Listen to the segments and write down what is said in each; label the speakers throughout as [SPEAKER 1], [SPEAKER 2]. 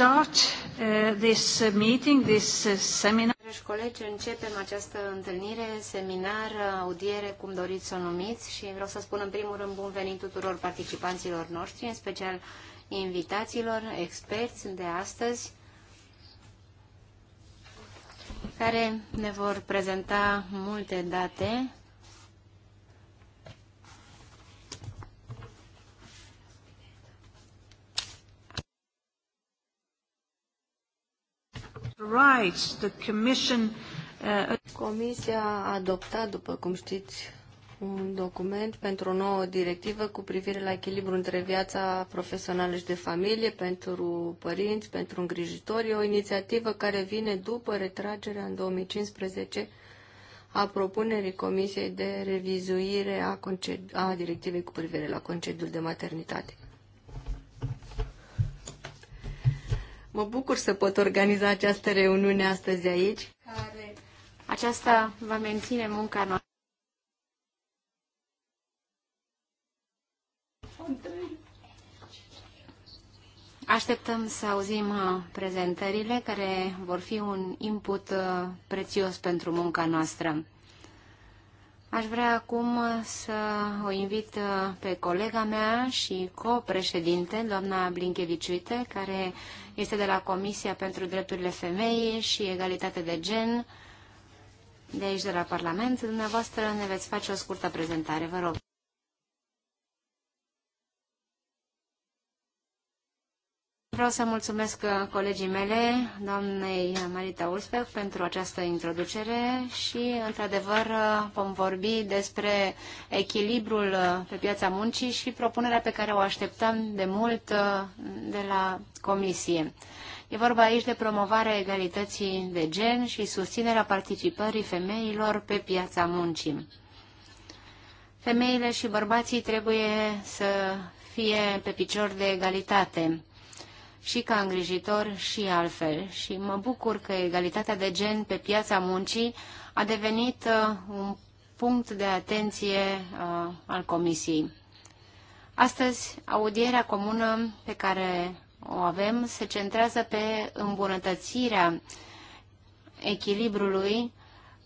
[SPEAKER 1] start uh, this uh, meeting, this uh, seminar.
[SPEAKER 2] Dragi colegi, începem această întâlnire, seminar, audiere, cum doriți să o numiți și vreau să spun în primul rând bun venit tuturor participanților noștri, în special invitațiilor, experți de astăzi, care ne vor prezenta multe date
[SPEAKER 1] Uh, Comisia a adoptat, după cum știți, un document pentru o nouă directivă cu privire la echilibru între viața profesională și de familie pentru părinți, pentru îngrijitori, o inițiativă care vine după retragerea în 2015 a propunerii Comisiei de revizuire a, a directivei cu privire la concediul de maternitate. Mă bucur să pot organiza această reuniune astăzi aici. Care
[SPEAKER 2] aceasta va menține munca noastră. Așteptăm să auzim uh, prezentările care vor fi un input uh, prețios pentru munca noastră. Aș vrea acum să o invit uh, pe colega mea și co-președinte, doamna Blinkeviciuite, care este de la Comisia pentru Drepturile Femeii și Egalitate de Gen, de aici de la Parlament. Dumneavoastră ne veți face o scurtă prezentare, vă rog. Vreau să mulțumesc uh, colegii mele, doamnei Marita Ulspec, pentru această introducere și, într-adevăr, uh, vom vorbi despre echilibrul uh, pe piața muncii și propunerea pe care o așteptăm de mult de la Comisie. E vorba aici de promovarea egalității de gen și susținerea participării femeilor pe piața muncii. Femeile și bărbații trebuie să fie pe picior de egalitate și ca îngrijitor și altfel. Și mă bucur că egalitatea de gen pe piața muncii a devenit uh, un punct de atenție uh, al Comisiei. Astăzi, audierea comună pe care o avem se centrează pe îmbunătățirea echilibrului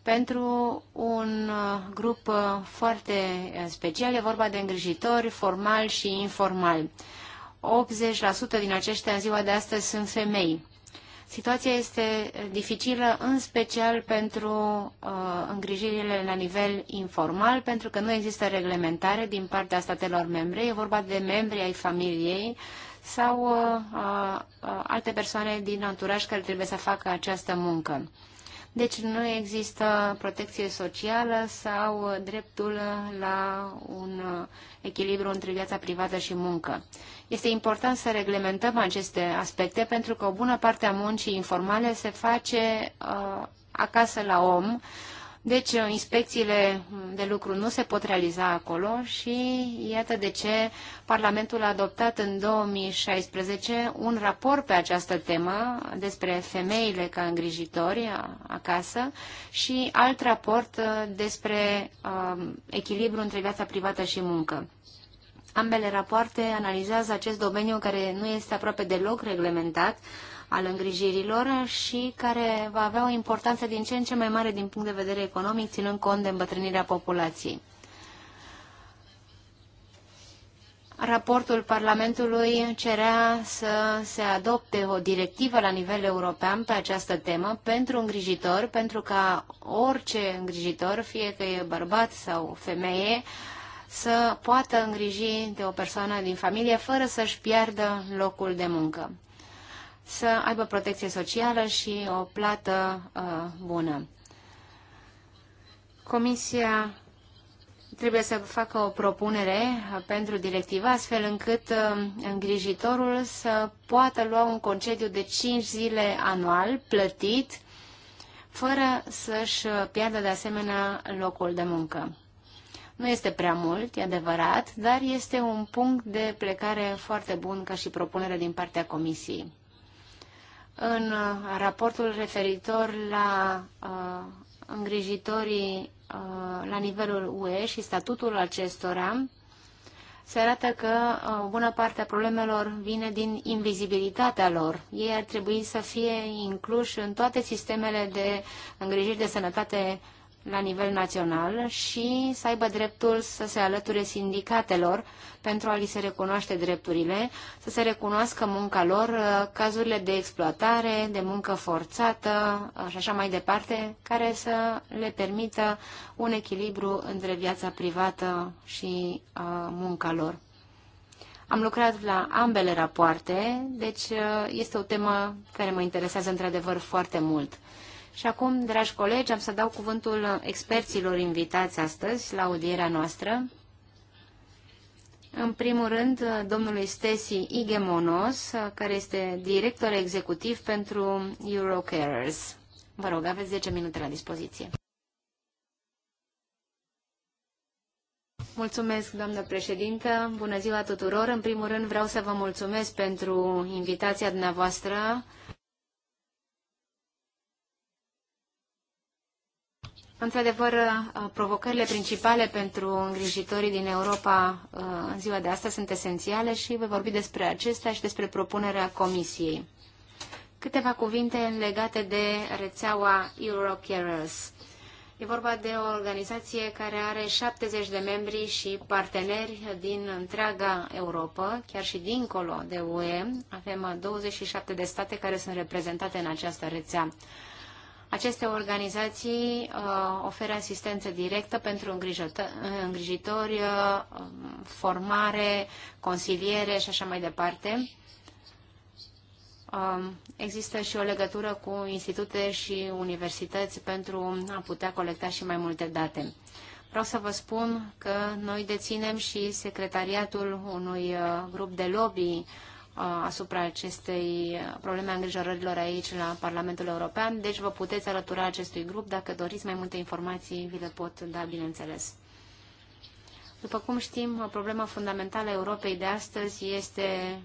[SPEAKER 2] pentru un uh, grup foarte special. E vorba de îngrijitori formal și informal. 80% din aceștia în ziua de astăzi sunt femei. Situația este dificilă, în special pentru uh, îngrijirile la nivel informal, pentru că nu există reglementare din partea statelor membre. E vorba de membri ai familiei sau uh, uh, alte persoane din anturaj care trebuie să facă această muncă. Deci nu există protecție socială sau dreptul la un echilibru între viața privată și muncă. Este important să reglementăm aceste aspecte pentru că o bună parte a muncii informale se face uh, acasă la om, uh, deci, uh, inspecțiile de lucru nu se pot realiza acolo și iată de ce Parlamentul a adoptat în 2016 un raport pe această temă despre femeile ca îngrijitori acasă și alt raport uh, despre uh, echilibru între viața privată și muncă. Ambele rapoarte analizează acest domeniu care nu este aproape deloc reglementat, al îngrijirilor și care va avea o importanță din ce în ce mai mare din punct de vedere economic, ținând cont de îmbătrânirea populației. Raportul Parlamentului cerea să se adopte o directivă la nivel european pe această temă pentru îngrijitor, pentru ca orice îngrijitor, fie că e bărbat sau femeie, să poată îngriji de o persoană din familie fără să-și piardă locul de muncă să aibă protecție socială și o plată uh, bună. Comisia trebuie să facă o propunere pentru directivă, astfel încât uh, îngrijitorul să poată lua un concediu de 5 zile anual plătit, fără să-și piardă de asemenea locul de muncă. Nu este prea mult, e adevărat, dar este un punct de plecare foarte bun ca și propunere din partea Comisiei în uh, raportul referitor la uh, îngrijitorii uh, la nivelul UE și statutul acestora, se arată că o uh, bună parte a problemelor vine din invizibilitatea lor. Ei ar trebui să fie incluși în toate sistemele de îngrijiri de sănătate la nivel național și să aibă dreptul să se alăture sindicatelor pentru a li se recunoaște drepturile, să se recunoască munca lor, uh, cazurile de exploatare, de muncă forțată uh, și așa mai departe, care să le permită un echilibru între viața privată și uh, munca lor. Am lucrat la ambele rapoarte, deci este o temă care mă interesează într-adevăr foarte mult. Și acum, dragi colegi, am să dau cuvântul experților invitați astăzi la audierea noastră. În primul rând, domnului Stesi Igemonos, care este director executiv pentru Eurocarers. Vă rog, aveți 10 minute la dispoziție. Mulțumesc, doamnă președintă. Bună ziua tuturor. În primul rând vreau să vă mulțumesc pentru invitația dumneavoastră Într-adevăr, uh, provocările principale pentru îngrijitorii din Europa uh, în ziua de astăzi sunt esențiale și voi vorbi despre acestea și despre propunerea Comisiei. Câteva cuvinte legate de rețeaua Eurocarers. E vorba de o organizație care are 70 de membri și parteneri din întreaga Europa, chiar și dincolo de UE. Avem 27 de state care sunt reprezentate în această rețea. Aceste organizații uh, oferă asistență directă pentru îngrijitori, uh, formare, consiliere și așa mai departe. Uh, există și o legătură cu institute și universități pentru a putea colecta și mai multe date. Vreau să vă spun că noi deținem și secretariatul unui uh, grup de lobby uh, asupra acestei probleme a îngrijorărilor aici la Parlamentul European, deci vă puteți alătura acestui grup. Dacă doriți mai multe informații, vi le pot da, bineînțeles. După cum știm, problema fundamentală a Europei de astăzi este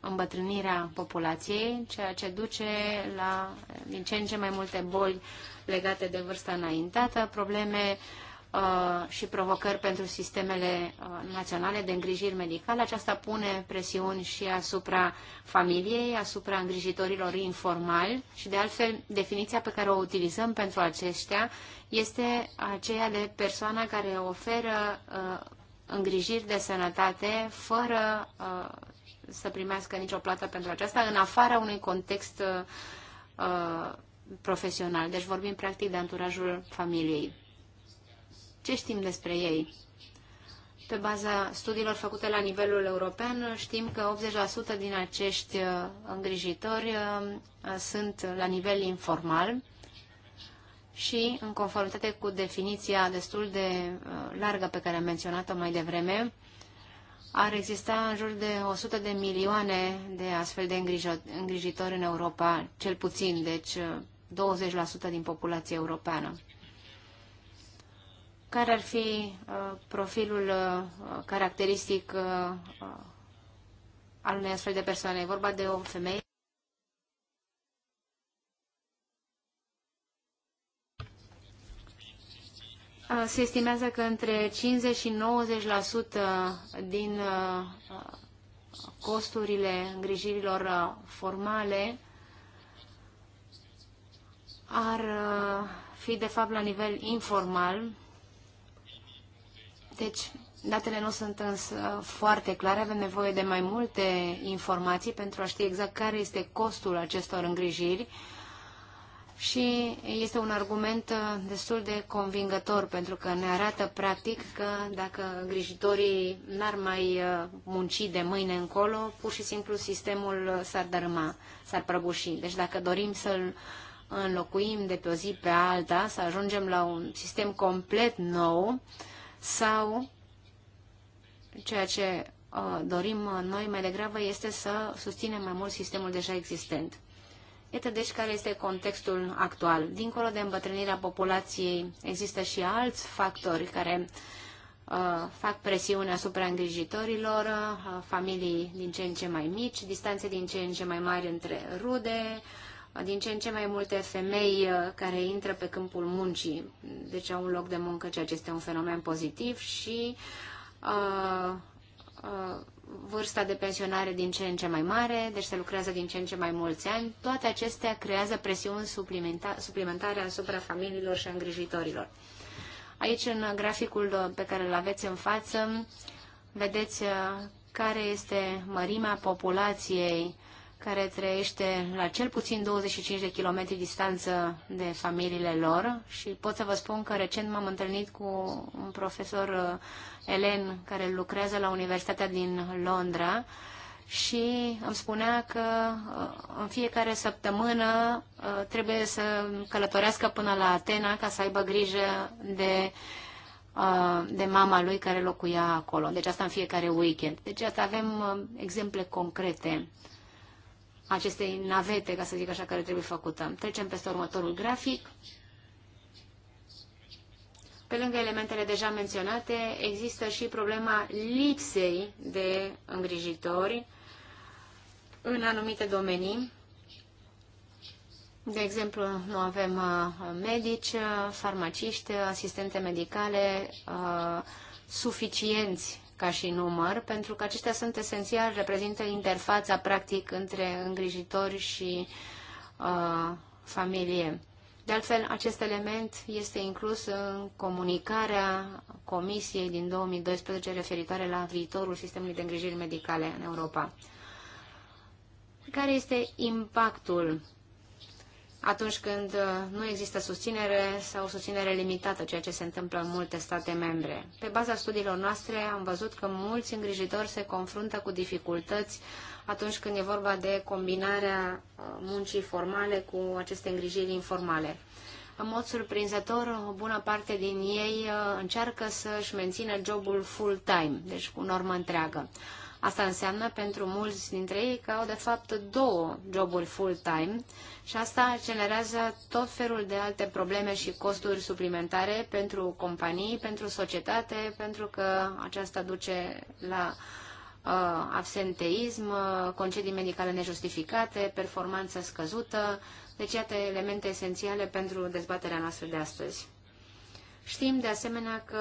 [SPEAKER 2] îmbătrânirea populației, ceea ce duce la din ce în ce mai multe boli legate de vârsta înaintată, probleme uh, Uh, și provocări pentru sistemele uh, naționale de îngrijiri medicale. Aceasta pune presiuni și asupra familiei, asupra îngrijitorilor informali și, de altfel, definiția pe care o utilizăm pentru aceștia este aceea de persoana care oferă uh, îngrijiri de sănătate fără să primească nicio plată pentru aceasta, în afara unui context profesional. Deci vorbim practic de anturajul familiei. Ce știm despre ei? Pe baza studiilor făcute la nivelul european, știm că 80% din acești uh, îngrijitori uh, sunt la nivel informal și, în conformitate cu definiția destul de uh, largă pe care am menționat-o mai devreme, ar exista în jur de 100 de milioane de astfel de îngrijitori în Europa, cel puțin, deci 20% din populația europeană care ar fi uh, profilul uh, caracteristic uh, al unei astfel de persoane? E vorba de o femeie? Se estimează că între 50 și 90% din costurile îngrijirilor formale ar fi de fapt la nivel informal deci, datele nu sunt însă foarte clare, avem nevoie de mai multe informații pentru a ști exact care este costul acestor îngrijiri și este un argument uh, destul de convingător pentru că ne arată practic că dacă îngrijitorii n-ar mai uh, munci de mâine încolo, pur și simplu sistemul uh, s-ar dărâma, s-ar prăbuși. Deci dacă dorim să-l înlocuim de pe o zi pe alta, să ajungem la un sistem complet nou, sau ceea ce uh, dorim noi mai degrabă este să susținem mai mult sistemul deja existent. Iată deci care este contextul actual. Dincolo de îmbătrânirea populației, există și alți factori care uh, fac presiune asupra îngrijitorilor, uh, familii din ce în ce mai mici, distanțe din ce în ce mai mari între rude, uh, din ce în ce mai multe femei uh, care intră pe câmpul muncii, deci au un loc de muncă, ceea ce este un fenomen pozitiv și uh, uh, vârsta de pensionare din ce în ce mai mare, deci se lucrează din ce în ce mai mulți ani, toate acestea creează presiuni suplimenta suplimentare asupra familiilor și îngrijitorilor. Aici, în graficul pe care îl aveți în față, vedeți uh, care este mărimea populației care trăiește la cel puțin 25 de kilometri distanță de familiile lor și pot să vă spun că recent m-am întâlnit cu un profesor uh, elen care lucrează la Universitatea din Londra și îmi spunea că uh, în fiecare săptămână uh, trebuie să călătorească până la Atena ca să aibă grijă de de mama lui care locuia acolo. Deci asta în fiecare weekend. Deci asta avem exemple concrete acestei navete, ca să zic așa, care trebuie făcută. Trecem peste următorul grafic. Pe lângă elementele deja menționate, există și problema lipsei de îngrijitori în anumite domenii. De exemplu, nu avem uh, medici, uh, farmaciști, asistente medicale uh, suficienți ca și număr, pentru că acestea sunt esențial, reprezintă interfața practic între îngrijitori și uh, familie. De altfel, acest element este inclus în comunicarea Comisiei din 2012 referitoare la viitorul sistemului de îngrijiri medicale în Europa. Care este impactul atunci când uh, nu există susținere sau susținere limitată, ceea ce se întâmplă în multe state membre. Pe baza studiilor noastre am văzut că mulți îngrijitori se confruntă cu dificultăți atunci când e vorba de combinarea uh, muncii formale cu aceste îngrijiri informale. În mod surprinzător, o bună parte din ei uh, încearcă să-și mențină jobul full-time, deci cu normă întreagă. Asta înseamnă pentru mulți dintre ei că au de fapt două joburi full-time și asta generează tot felul de alte probleme și costuri suplimentare pentru companii, pentru societate, pentru că aceasta duce la uh, absenteism, uh, concedii medicale nejustificate, performanță scăzută. Deci, iată elemente esențiale pentru dezbaterea noastră de astăzi. Știm, de asemenea, că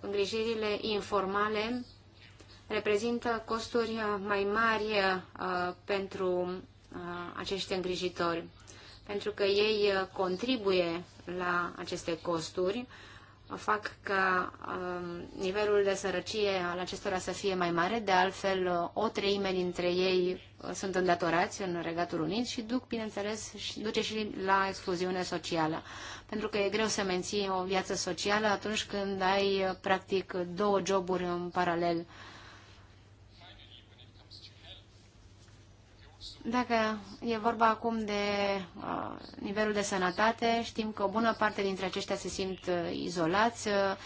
[SPEAKER 2] îngrijirile informale reprezintă costuri uh, mai mari uh, pentru uh, acești îngrijitori, pentru că ei contribuie la aceste costuri, fac ca um, nivelul de sărăcie al acestora să fie mai mare, de altfel o treime dintre ei sunt îndatorați în Regatul Unit și duc, bineînțeles, și duce și la excluziune socială. Pentru că e greu să menții o viață socială atunci când ai, practic, două joburi în paralel Dacă e vorba acum de uh, nivelul de sănătate, știm că o bună parte dintre aceștia se simt uh, izolați, uh,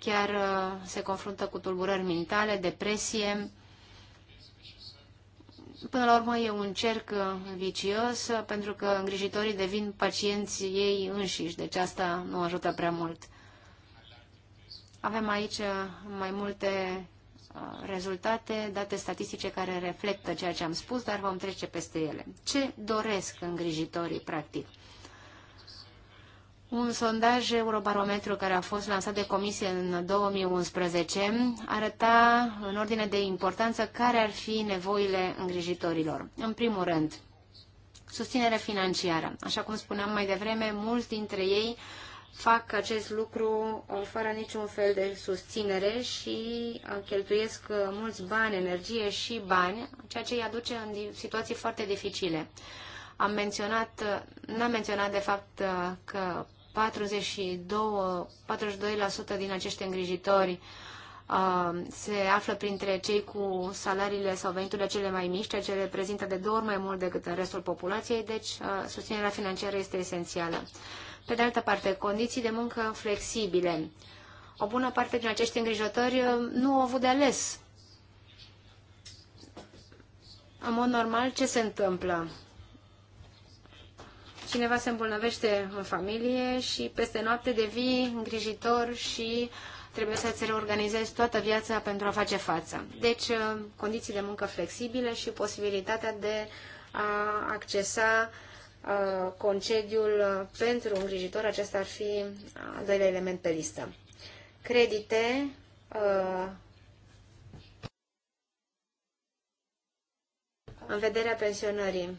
[SPEAKER 2] chiar uh, se confruntă cu tulburări mentale, depresie. Până la urmă e un cerc uh, vicios uh, pentru că îngrijitorii devin pacienți ei înșiși, deci asta nu ajută prea mult. Avem aici uh, mai multe Uh, rezultate, date statistice care reflectă ceea ce am spus, dar vom trece peste ele. Ce doresc îngrijitorii, practic? Un sondaj Eurobarometru care a fost lansat de comisie în 2011 arăta în ordine de importanță care ar fi nevoile îngrijitorilor. În primul rând, susținere financiară. Așa cum spuneam mai devreme, mulți dintre ei uh, fac acest lucru uh, fără niciun fel de susținere și uh, cheltuiesc uh, mulți bani, energie și bani, ceea ce îi aduce în situații foarte dificile. Am menționat, n-am menționat de fapt că 42, 42% din acești îngrijitori se află printre cei cu salariile sau veniturile cele mai mici, ceea ce reprezintă de două ori mai mult decât în restul populației, deci susținerea financiară este esențială. Pe de altă parte, condiții de muncă flexibile. O bună parte din acești îngrijători uh, nu au avut de ales. În mod normal, ce se întâmplă? Cineva se îmbolnăvește în familie și peste noapte devii îngrijitor și trebuie să-ți reorganizezi toată viața pentru a face față. Deci, uh, condiții de muncă flexibile și posibilitatea de a accesa Uh, concediul uh, pentru îngrijitor, acesta ar fi al doilea element pe listă. Credite, uh, în vederea pensionării.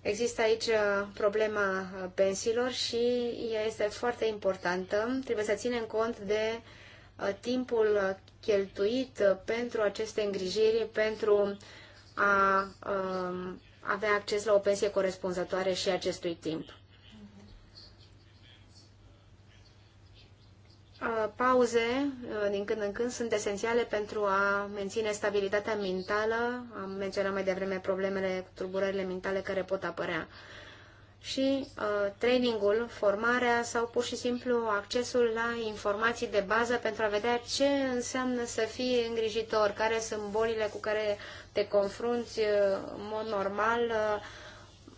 [SPEAKER 2] Există aici problema pensiilor și ea este foarte importantă. Trebuie să ținem cont de timpul cheltuit pentru aceste îngrijiri, pentru a um, avea acces la o pensie corespunzătoare și acestui timp. Uh, pauze uh, din când în când sunt esențiale pentru a menține stabilitatea mentală. Am menționat mai devreme problemele, tulburările mentale care pot apărea și uh, trainingul, formarea sau pur și simplu accesul la informații de bază pentru a vedea ce înseamnă să fii îngrijitor, care sunt bolile cu care te confrunți uh, în mod normal, uh,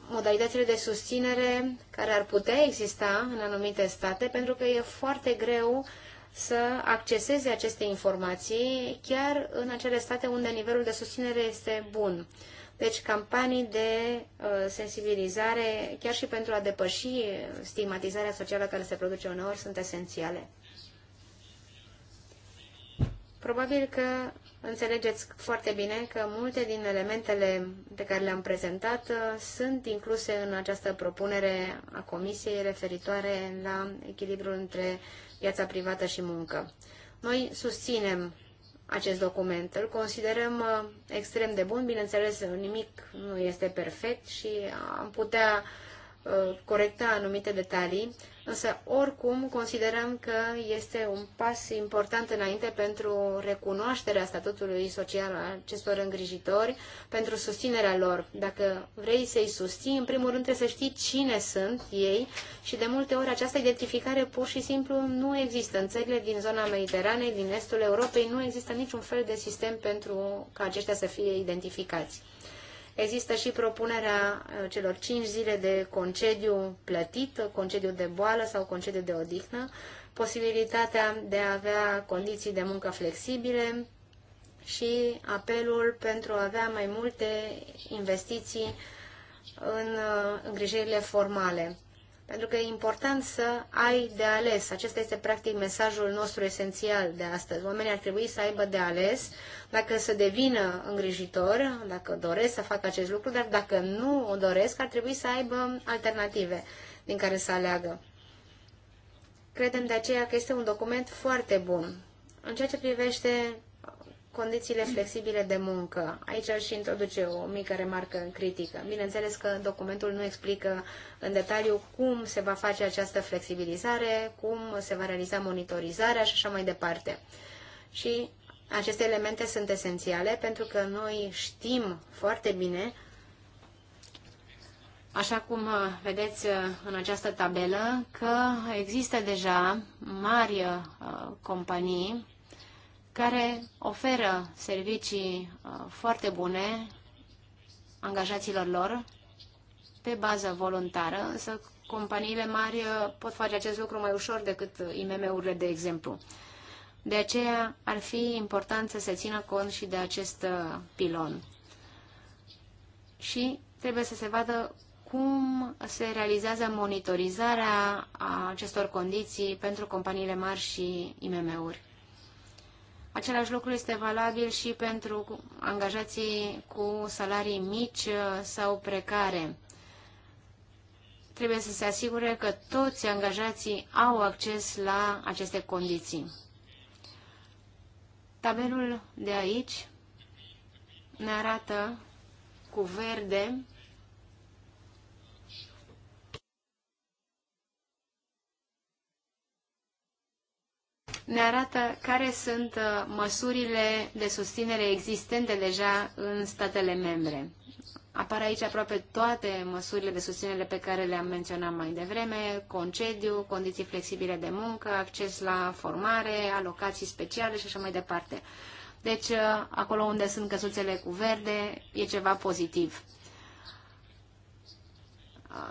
[SPEAKER 2] modalitățile de susținere care ar putea exista în anumite state, pentru că e foarte greu să acceseze aceste informații chiar în acele state unde nivelul de susținere este bun. Uh, deci campanii de uh, sensibilizare, chiar și pentru a depăși uh, stigmatizarea socială care se produce uneori, sunt esențiale. Probabil că înțelegeți foarte bine că multe din elementele pe care le-am prezentat uh, sunt incluse în această propunere a Comisiei referitoare la echilibrul între viața privată și muncă. Noi susținem acest document. Îl considerăm uh, extrem de bun, bineînțeles nimic nu este perfect și am putea uh, corecta anumite detalii, însă oricum considerăm că este un pas important înainte pentru recunoașterea statutului social al acestor îngrijitori, pentru susținerea lor. Dacă vrei să-i susții, în primul rând trebuie să știi cine sunt ei și de multe ori această identificare pur și simplu nu există. În țările din zona Mediteranei, din estul Europei, nu există niciun fel de sistem pentru ca aceștia să fie identificați. Există și propunerea uh, celor 5 zile de concediu plătit, concediu de boală sau concediu de odihnă, posibilitatea de a avea condiții de muncă flexibile și apelul pentru a avea mai multe investiții în uh, îngrijirile formale. Pentru că e important să ai de ales. Acesta este practic mesajul nostru esențial de astăzi. Oamenii ar trebui să aibă de ales dacă să devină îngrijitor, dacă doresc să facă acest lucru, dar dacă nu o doresc, ar trebui să aibă alternative din care să aleagă. Credem de aceea că este un document foarte bun. În ceea ce privește condițiile flexibile de muncă. Aici aș introduce o mică remarcă critică. Bineînțeles că documentul nu explică în detaliu cum se va face această flexibilizare, cum se va realiza monitorizarea și așa mai departe. Și aceste elemente sunt esențiale pentru că noi știm foarte bine Așa cum uh, vedeți uh, în această tabelă, că există deja mari uh, companii care oferă servicii uh, foarte bune angajaților lor pe bază voluntară, însă companiile mari uh, pot face acest lucru mai ușor decât IMM-urile, de exemplu. De aceea ar fi important să se țină cont și de acest uh, pilon. Și trebuie să se vadă cum se realizează monitorizarea acestor condiții pentru companiile mari și IMM-uri. Același lucru este valabil și pentru angajații cu salarii mici uh, sau precare. Trebuie să se asigure că toți angajații au acces la aceste condiții. Tabelul de aici ne arată cu verde ne arată care sunt uh, măsurile de susținere existente deja în statele membre. Apar aici aproape toate măsurile de susținere pe care le-am menționat mai devreme, concediu, condiții flexibile de muncă, acces la formare, alocații speciale și așa mai departe. Deci, uh, acolo unde sunt căsuțele cu verde, e ceva pozitiv.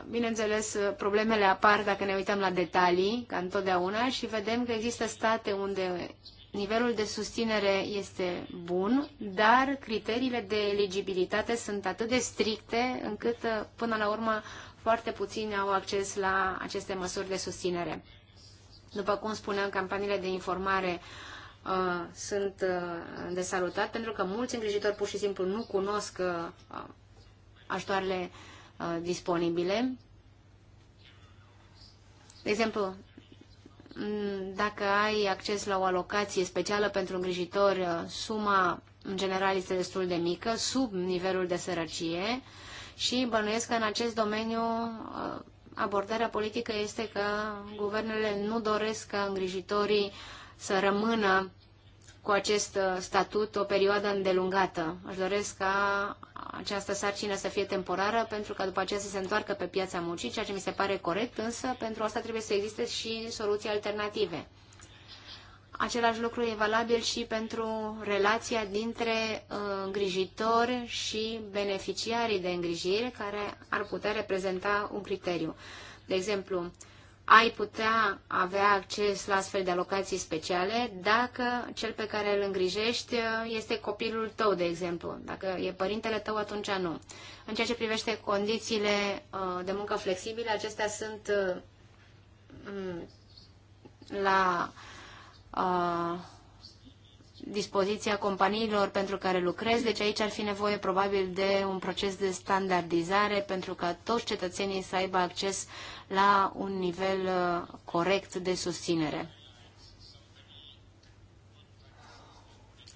[SPEAKER 2] Bineînțeles, problemele apar dacă ne uităm la detalii, ca întotdeauna, și vedem că există state unde nivelul de susținere este bun, dar criteriile de eligibilitate sunt atât de stricte încât, până la urmă, foarte puțini au acces la aceste măsuri de susținere. După cum spuneam, campaniile de informare uh, sunt uh, de salutat, pentru că mulți îngrijitori pur și simplu nu cunosc uh, ajutoarele uh, Uh, disponibile. De exemplu, dacă ai acces la o alocație specială pentru îngrijitori, uh, suma în general este destul de mică, sub nivelul de sărăcie și bănuiesc că în acest domeniu uh, abordarea politică este că guvernele nu doresc ca îngrijitorii să rămână cu acest statut o perioadă îndelungată. Își doresc ca această sarcină să fie temporară pentru că după aceea să se întoarcă pe piața muncii, ceea ce mi se pare corect, însă pentru asta trebuie să existe și soluții alternative. Același lucru e valabil și pentru relația dintre uh, îngrijitori și beneficiarii de îngrijire, care ar putea reprezenta un criteriu. De exemplu, uh, ai putea avea acces la astfel de alocații speciale dacă cel pe care îl îngrijești uh, este copilul tău, de exemplu. Dacă e părintele tău, atunci nu. În ceea ce privește condițiile uh, de muncă flexibile, acestea sunt uh, mm, la dispoziția companiilor pentru care lucrez, deci aici ar fi nevoie probabil de un proces de standardizare pentru ca toți cetățenii să aibă acces la un nivel uh, corect de susținere.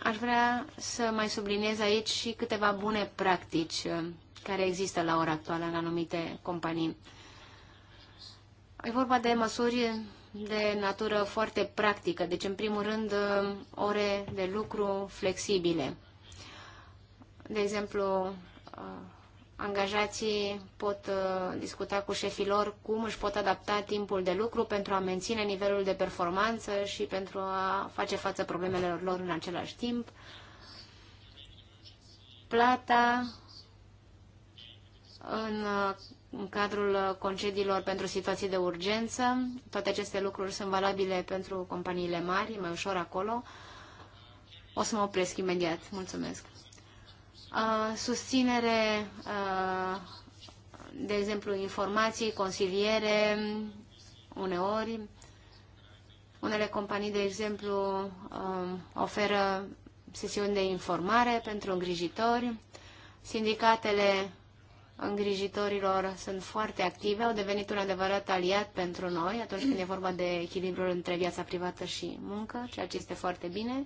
[SPEAKER 2] Aș vrea să mai subliniez aici și câteva bune practici uh, care există la ora actuală în anumite companii. E vorba de măsuri de natură foarte practică, deci în primul rând ore de lucru flexibile. De exemplu, angajații pot uh, discuta cu șefii lor cum își pot adapta timpul de lucru pentru a menține nivelul de performanță și pentru a face față problemelor lor în același timp. Plata în uh, în cadrul uh, concediilor pentru situații de urgență. Toate aceste lucruri sunt valabile pentru companiile mari, mai ușor acolo. O să mă opresc imediat. Mulțumesc. Uh, susținere, uh, de exemplu, informații, consiliere, uneori. Unele companii, de exemplu, um, oferă sesiuni de informare pentru îngrijitori. Sindicatele îngrijitorilor sunt foarte active, au devenit un adevărat aliat pentru noi atunci când e vorba de echilibrul între viața privată și muncă, ceea ce este foarte bine.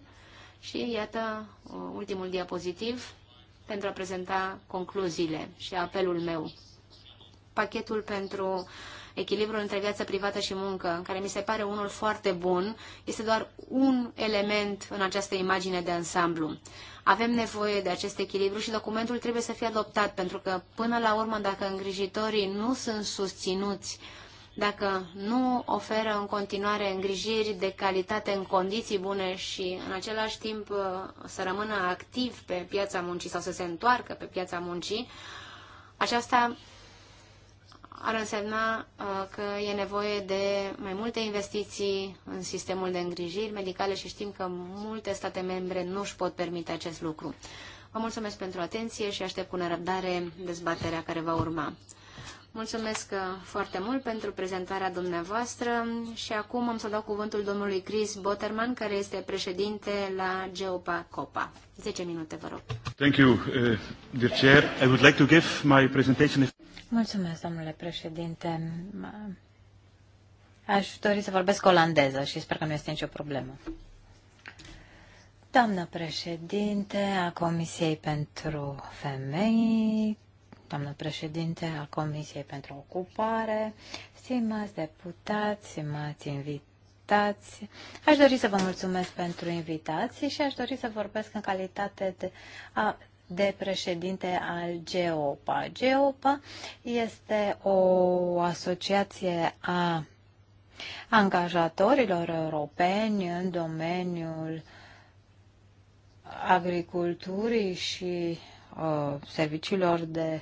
[SPEAKER 2] Și iată uh, ultimul diapozitiv pentru a prezenta concluziile și apelul meu. Pachetul pentru echilibrul între viața privată și muncă, care mi se pare unul foarte bun, este doar un element în această imagine de ansamblu. Avem nevoie de acest echilibru și documentul trebuie să fie adoptat, pentru că, până la urmă, dacă îngrijitorii nu sunt susținuți, dacă nu oferă în continuare îngrijiri de calitate în condiții bune și în același timp uh, să rămână activ pe piața muncii sau să se întoarcă pe piața muncii, aceasta ar însemna uh, că e nevoie de mai multe investiții în sistemul de îngrijiri medicale și știm că multe state membre nu își pot permite acest lucru. Vă mulțumesc pentru atenție și aștept cu nerăbdare dezbaterea care va urma. Mulțumesc uh, foarte mult pentru prezentarea dumneavoastră și acum am să dau cuvântul domnului Chris Botterman, care este președinte la Geopa Copa. 10 minute, vă rog. Thank you, uh, dear chair. I would like to give
[SPEAKER 3] my presentation... If... Mulțumesc, domnule președinte. Aș dori să vorbesc olandeză și sper că nu este nicio problemă. Doamnă președinte a Comisiei pentru Femei, doamnă președinte a Comisiei pentru Ocupare, stimați deputați, stimați invitați. Aș dori să vă mulțumesc pentru invitații și aș dori să vorbesc în calitate de, a, de președinte al GEOPA. GEOPA este o asociație a angajatorilor europeni în domeniul agriculturii și uh, serviciilor de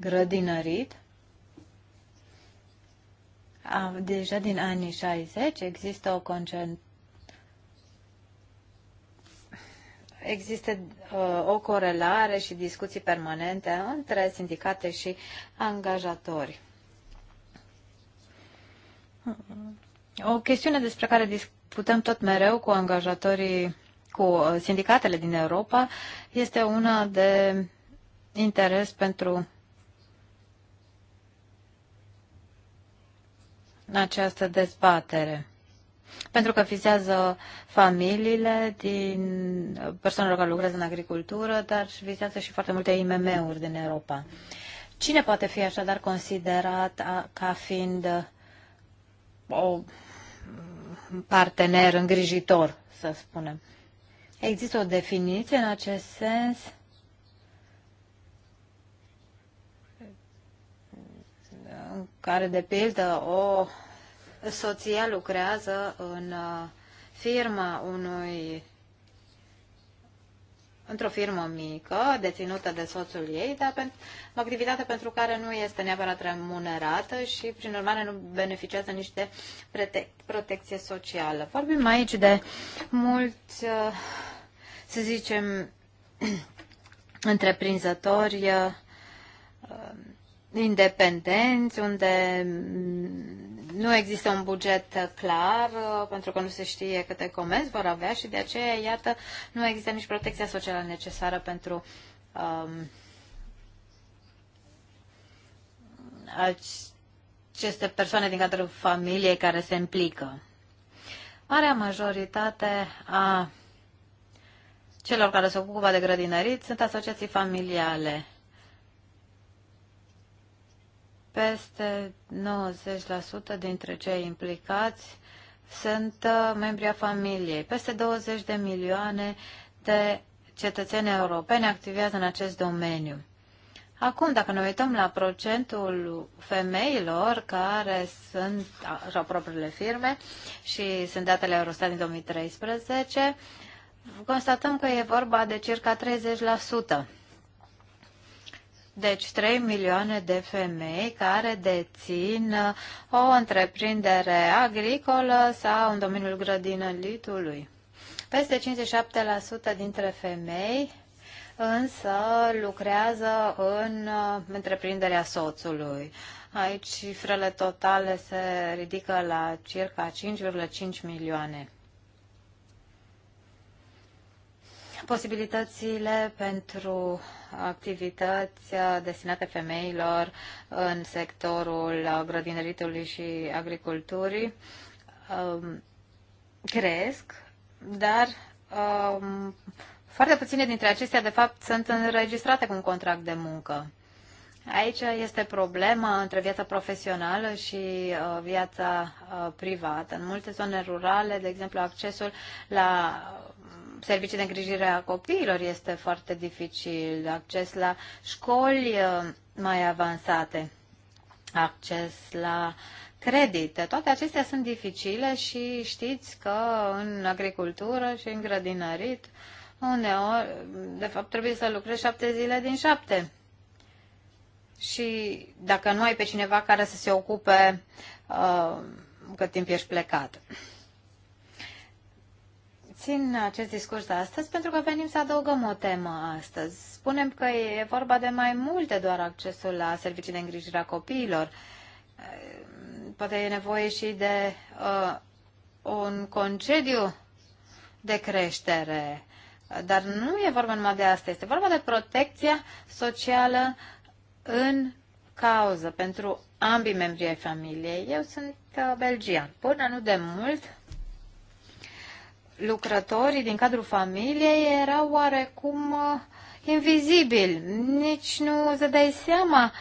[SPEAKER 3] grădinărit. Deja din anii 60 există o concentrare există uh, o corelare și discuții permanente între sindicate și angajatori. O chestiune despre care discutăm tot mereu cu angajatorii, cu uh, sindicatele din Europa, este una de interes pentru această dezbatere. Pentru că vizează familiile din persoanelor care lucrează în agricultură, dar vizează și foarte multe IMM-uri din Europa. Cine poate fi așadar considerat a, ca fiind o partener îngrijitor, să spunem? Există o definiție în acest sens? care, de pildă, o soția lucrează în uh, firma unui într-o firmă mică, deținută de soțul ei, dar pentru, o activitate pentru care nu este neapărat remunerată și, prin urmare, nu beneficiază nici de protec- protecție socială. Vorbim aici de mult, uh, să zicem, întreprinzători uh, independenți, unde mm, nu există un buget clar, uh, pentru că nu se știe câte comenzi vor avea și de aceea, iată, nu există nici protecția socială necesară pentru um, aceste persoane din cadrul familiei care se implică. Marea majoritate a celor care se ocupă de grădinărit sunt asociații familiale. Peste 90% dintre cei implicați sunt uh, membri a familiei. Peste 20 de milioane de cetățeni europeni activează în acest domeniu. Acum, dacă ne uităm la procentul femeilor care sunt au propriile firme și sunt datele Eurostat din 2013, constatăm că e vorba de circa 30%. Deci 3 milioane de femei care dețin uh, o întreprindere agricolă sau în domeniul grădinălitului. Peste 57% dintre femei însă lucrează în uh, întreprinderea soțului. Aici cifrele totale se ridică la circa 5,5 milioane. posibilitățile pentru activități uh, destinate femeilor în sectorul uh, grădinăritului și agriculturii um, cresc, dar um, foarte puține dintre acestea, de fapt, sunt înregistrate cu un contract de muncă. Aici este problema între viața profesională și uh, viața uh, privată. În multe zone rurale, de exemplu, accesul la servicii de îngrijire a copiilor este foarte dificil, acces la școli uh, mai avansate, acces la credite. Toate acestea sunt dificile și știți că în agricultură și în grădinărit uneori, de fapt, trebuie să lucrezi șapte zile din șapte. Și dacă nu ai pe cineva care să se ocupe uh, cât timp ești plecat țin acest discurs de astăzi pentru că venim să adăugăm o temă astăzi. Spunem că e vorba de mai multe doar accesul la servicii de îngrijire a copiilor. Poate e nevoie și de uh, un concediu de creștere. Dar nu e vorba numai de asta, este vorba de protecția socială în cauză pentru ambii membrii ai familiei. Eu sunt uh, belgian. Până nu de mult lucrătorii din cadrul familiei erau oarecum uh, invizibili. Nici nu îți dai seama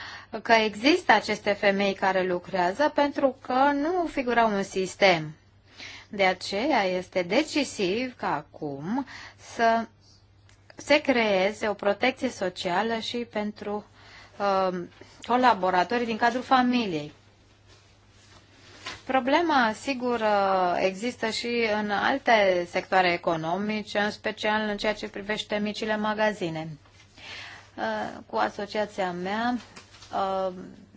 [SPEAKER 3] că există aceste femei care lucrează pentru că nu figurau un sistem. De aceea este decisiv ca acum să se creeze o protecție socială și pentru uh, colaboratorii din cadrul familiei. Problema, sigur, există și în alte sectoare economice, în special în ceea ce privește micile magazine. Uh, cu asociația mea, uh,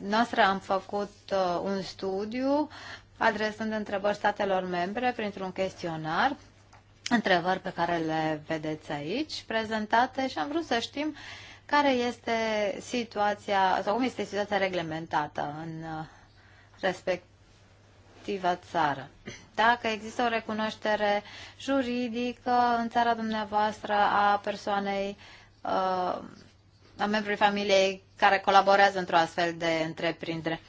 [SPEAKER 3] noastră am făcut uh, un studiu adresând întrebări statelor membre printr-un chestionar, întrebări pe care le vedeți aici, prezentate și am vrut să știm care este situația sau cum este situația reglementată în respect respectiva țară. Dacă există o recunoaștere juridică în țara dumneavoastră a persoanei, uh, a membrii familiei care colaborează într-o astfel de întreprindere.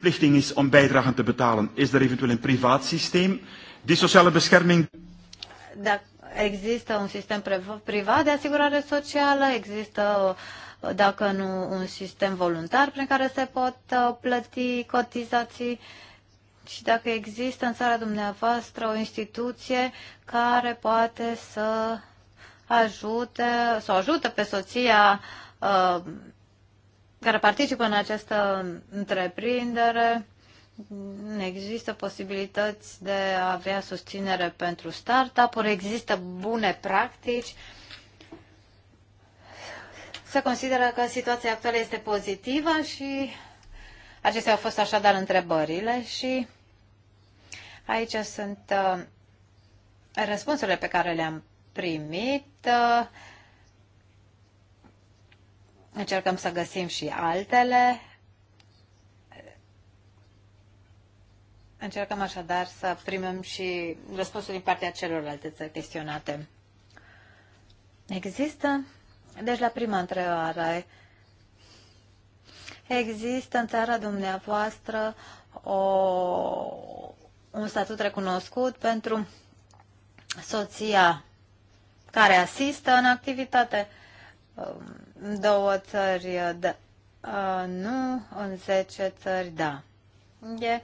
[SPEAKER 3] Plichting is om bijdragen te betalen. Is er eventueel een privaat systeem? Die sociale bescherming... Dacă există un sistem privat de asigurare socială, există uh, dacă nu un sistem voluntar prin care se pot uh, plăti cotizații și dacă există în țara dumneavoastră o instituție care poate să ajute, să ajute pe soția uh, care participă în această întreprindere, există posibilități de a avea susținere pentru startup-uri, există bune practici. Se consideră că situația actuală este pozitivă și acestea au fost așadar întrebările și Aici sunt uh, răspunsurile pe care le-am primit. Uh, încercăm să găsim și altele. Încercăm așadar să primim și răspunsul din partea celorlalte țări chestionate. Există? Deci la prima întrebare, există în țara dumneavoastră o un statut recunoscut pentru soția care asistă în activitate. Um, două țări da, nu, în zece țări da. E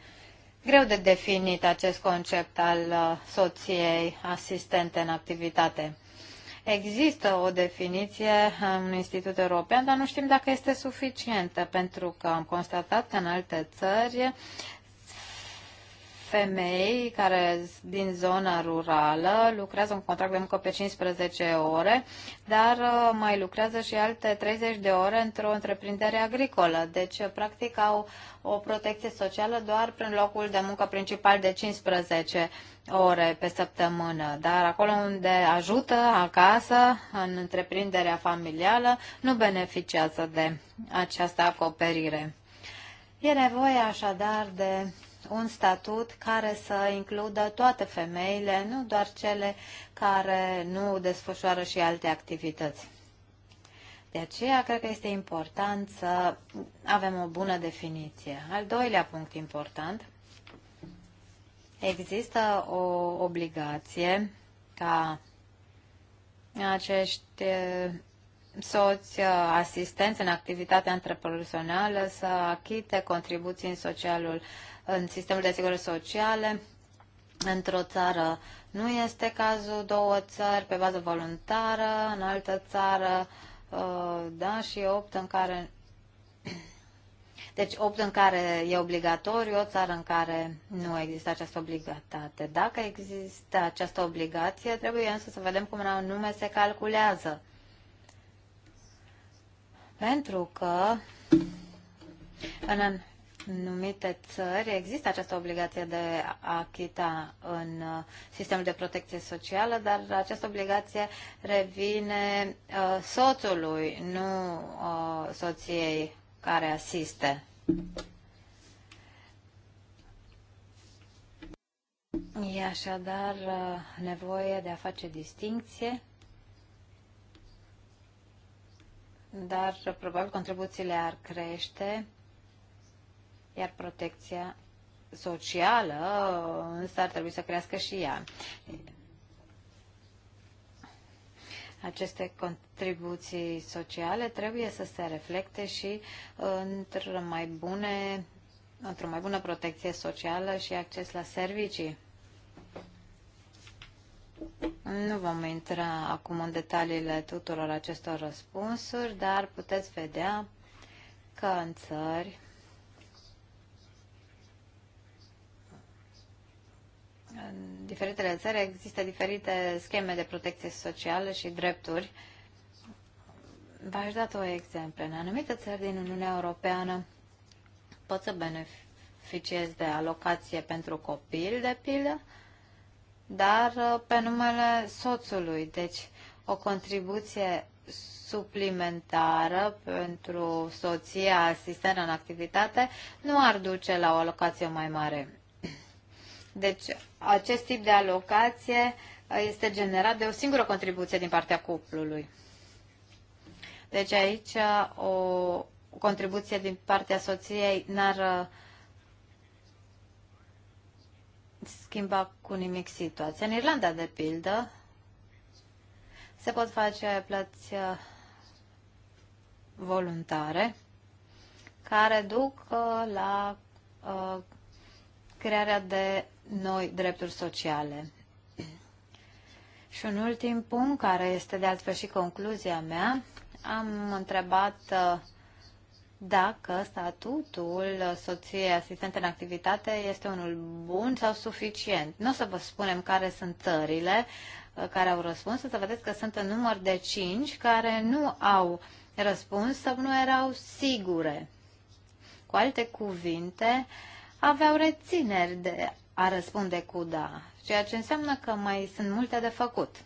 [SPEAKER 3] greu de definit acest concept al uh, soției asistente în activitate. Există o definiție în Institut European, dar nu știm dacă este suficientă, pentru că am constatat că în alte țări femei care din zona rurală lucrează un contract de muncă pe 15 ore, dar uh, mai lucrează și alte 30 de ore într-o întreprindere agricolă. Deci, uh, practic, au o protecție socială doar prin locul de muncă principal de 15 ore pe săptămână. Dar acolo unde ajută, acasă, în întreprinderea familială, nu beneficiază de această acoperire. E nevoie așadar de un statut care să includă toate femeile, nu doar cele care nu desfășoară și alte activități. De aceea, cred că este important să avem o bună definiție. Al doilea punct important, există o obligație ca acești soți, uh, asistenți în activitatea antreprenorială, să achite contribuții în socialul, în sistemul de asigurări sociale, într-o țară nu este cazul, două țări pe bază voluntară, în altă țară, uh, da, și opt în care deci opt în care e obligatoriu, o țară în care nu există această obligatate. Dacă există această obligație, trebuie însă să vedem cum anume se calculează. Pentru că în anumite țări există această obligație de a achita în sistemul de protecție socială, dar această obligație revine uh, soțului, nu uh, soției care asiste. E așadar uh, nevoie de a face distinție dar probabil contribuțiile ar crește, iar protecția socială însă ar trebui să crească și ea. Aceste contribuții sociale trebuie să se reflecte și într-o mai, bune, într mai bună protecție socială și acces la servicii. Nu vom intra acum în detaliile tuturor acestor răspunsuri, dar puteți vedea că în țări în diferitele țări există diferite scheme de protecție socială și drepturi. V-aș da două exemple. În anumite țări din Uniunea Europeană pot să beneficiez de alocație pentru copil, de pildă, dar uh, pe numele soțului. Deci o contribuție suplimentară pentru soția asistentă în activitate nu ar duce la o alocație mai mare. Deci acest tip de alocație uh, este generat de o singură contribuție din partea cuplului. Deci aici uh, o contribuție din partea soției n-ar uh, schimba cu nimic situația. În Irlanda, de pildă, se pot face plăți uh, voluntare care duc uh, la uh, crearea de noi drepturi sociale. Și un ultim punct, care este de altfel și concluzia mea, am întrebat dacă statutul soției asistente în activitate este unul bun sau suficient. Nu o să vă spunem care sunt țările uh, care au răspuns, o să vedeți că sunt în număr de 5 care nu au răspuns sau nu erau sigure. Cu alte cuvinte, aveau rețineri de a răspunde cu da, ceea ce înseamnă că mai sunt multe de făcut.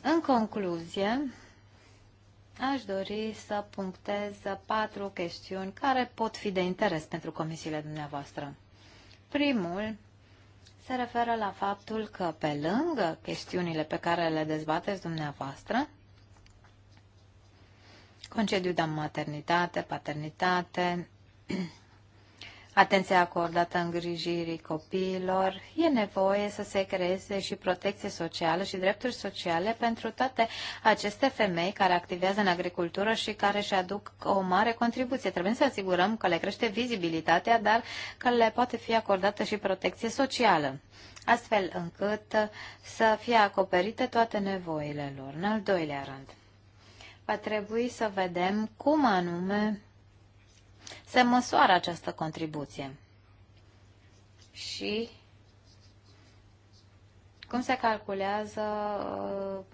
[SPEAKER 3] În concluzie, aș dori să punctez patru chestiuni care pot fi de interes pentru comisiile dumneavoastră. Primul se referă la faptul că, pe lângă chestiunile pe care le dezbateți dumneavoastră, concediu de maternitate, paternitate, atenția acordată îngrijirii copiilor, e nevoie să se creeze și protecție socială și drepturi sociale pentru toate aceste femei care activează în agricultură și care își aduc o mare contribuție. Trebuie să asigurăm că le crește vizibilitatea, dar că le poate fi acordată și protecție socială astfel încât să fie acoperite toate nevoile lor. În al doilea rând, va trebui să vedem cum anume se măsoară această contribuție? Și cum se calculează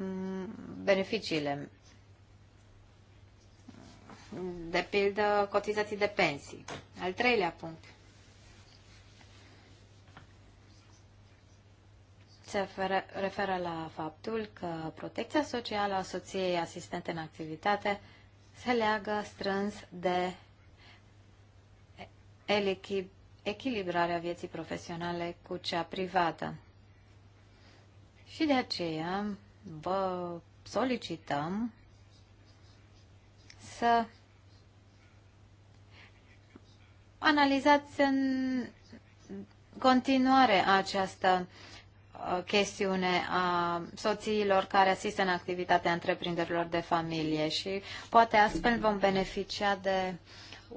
[SPEAKER 3] uh, beneficiile? De pildă, cotizații de pensii. Al treilea punct. se referă la faptul că protecția socială a soției asistente în activitate se leagă strâns de echilibrarea vieții profesionale cu cea privată. Și de aceea vă solicităm să analizați în continuare această uh, chestiune a soțiilor care asistă în activitatea întreprinderilor de familie și poate astfel vom beneficia de uh,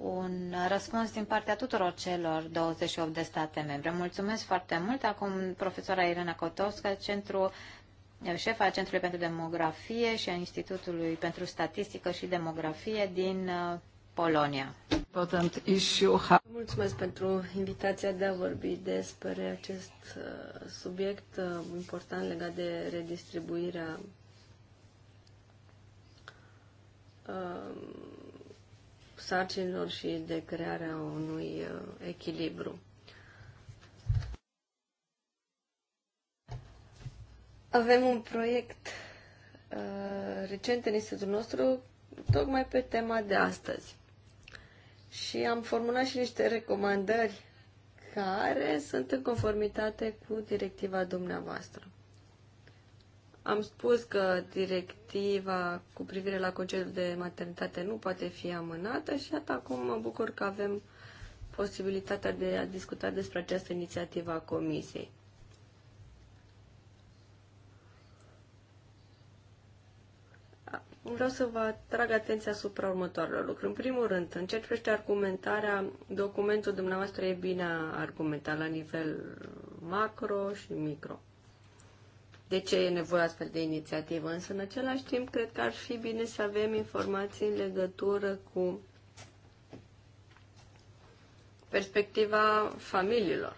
[SPEAKER 3] un răspuns din partea tuturor celor 28 de state membre. Mulțumesc foarte mult. Acum profesora Irena Kotovska, centru, șefa Centrului pentru Demografie și a Institutului pentru Statistică și Demografie din uh, Polonia. Mulțumesc pentru invitația de a vorbi despre acest
[SPEAKER 1] uh, subiect uh, important legat de redistribuirea sarcinilor și de crearea unui uh, echilibru. Avem un proiect uh, recent în institutul nostru, tocmai pe tema de astăzi. Și am formulat și niște recomandări care sunt în conformitate cu directiva dumneavoastră. Am spus că directiva cu privire la concediul de maternitate nu poate fi amânată și iată acum mă bucur că avem posibilitatea de a discuta despre această inițiativă a Comisiei. Vreau să vă atrag atenția asupra următoarelor lucruri. În primul rând, în ce privește argumentarea, documentul dumneavoastră e bine argumentat la nivel macro și micro de ce e nevoie astfel de inițiativă. Însă, în același timp, cred că ar fi bine să avem informații în legătură cu perspectiva familiilor.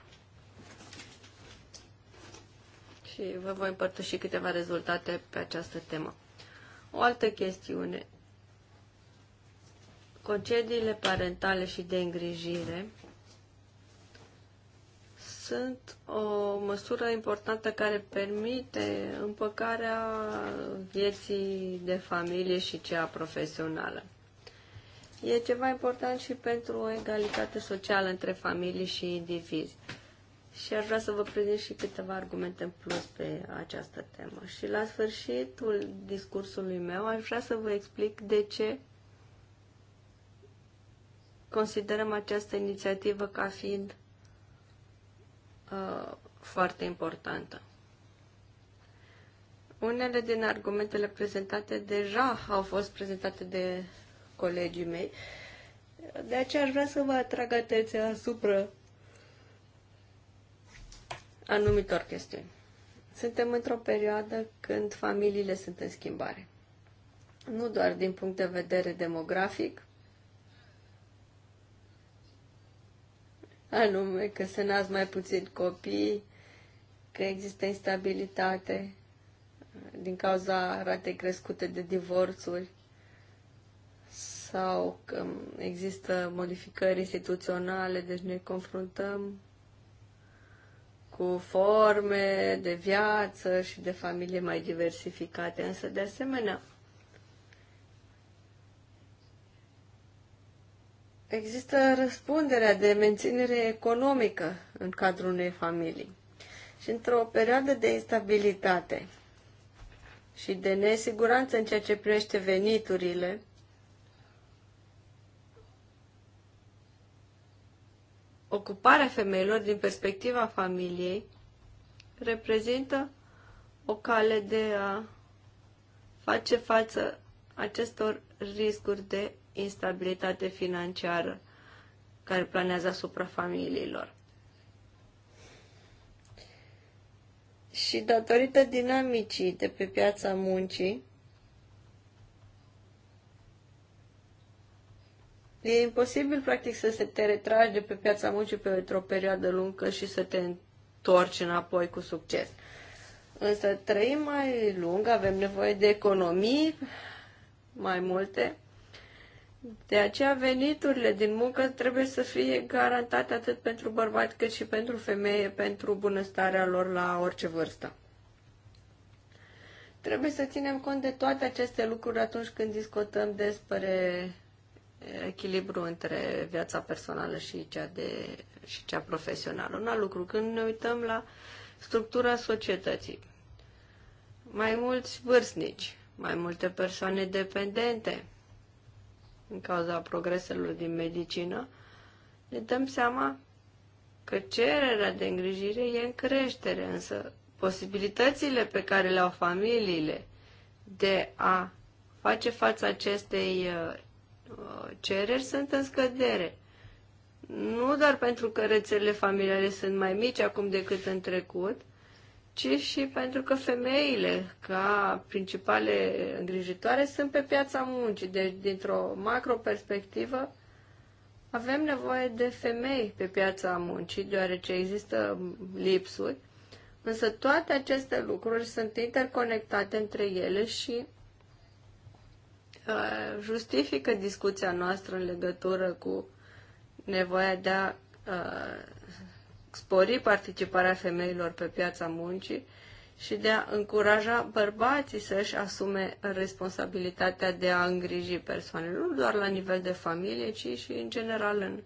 [SPEAKER 1] Și vă voi împărtăși câteva rezultate pe această temă. O altă chestiune. Concediile parentale și de îngrijire sunt o măsură importantă care permite împăcarea vieții de familie și cea profesională. E ceva important și pentru o egalitate socială între familii și indivizi. Și aș vrea să vă prezint și câteva argumente în plus pe această temă. Și la sfârșitul discursului meu aș vrea să vă explic de ce considerăm această inițiativă ca fiind uh, foarte importantă. Unele din argumentele prezentate deja au fost prezentate de colegii mei, de aceea aș vrea să vă atrag atenția asupra anumitor chestiuni. Suntem într-o perioadă când familiile sunt în schimbare. Nu doar din punct de vedere demografic, anume că se nasc mai puțin copii, că există instabilitate din cauza ratei crescute de divorțuri sau că există modificări instituționale, deci ne confruntăm cu forme de viață și de familie mai diversificate. Însă, de asemenea, există răspunderea de menținere economică în cadrul unei familii. Și într-o perioadă de instabilitate și de nesiguranță în ceea ce privește veniturile, ocuparea femeilor din perspectiva familiei reprezintă o cale de a face față acestor riscuri de instabilitate financiară care planează asupra familiilor. Și datorită dinamicii de pe piața muncii, E imposibil, practic, să se te retragi de pe piața muncii pentru o perioadă lungă și să te întorci înapoi cu succes. Însă trăim mai lung, avem nevoie de economii mai multe de aceea veniturile din muncă trebuie să fie garantate atât pentru bărbați cât și pentru femeie, pentru bunăstarea lor la orice vârstă. Trebuie să ținem cont de toate aceste lucruri atunci când discutăm despre echilibru între viața personală și cea, de, și cea profesională. Un alt lucru, când ne uităm la structura societății, mai mulți vârstnici, mai multe persoane dependente, în cauza progreselor din medicină, ne dăm seama că cererea de îngrijire e în creștere, însă posibilitățile pe care le au familiile de a face față acestei uh, uh, cereri sunt în scădere. Nu doar pentru că rețelele familiale sunt mai mici acum decât în trecut, ci și pentru că femeile, ca principale îngrijitoare, sunt pe piața muncii. Deci, dintr-o macro-perspectivă, avem nevoie de femei pe piața muncii, deoarece există lipsuri, însă toate aceste lucruri sunt interconectate între ele și uh, justifică discuția noastră în legătură cu nevoia de a uh, spori participarea femeilor pe piața muncii și de a încuraja bărbații să-și asume responsabilitatea de a îngriji persoanele, nu doar la nivel de familie, ci și în general în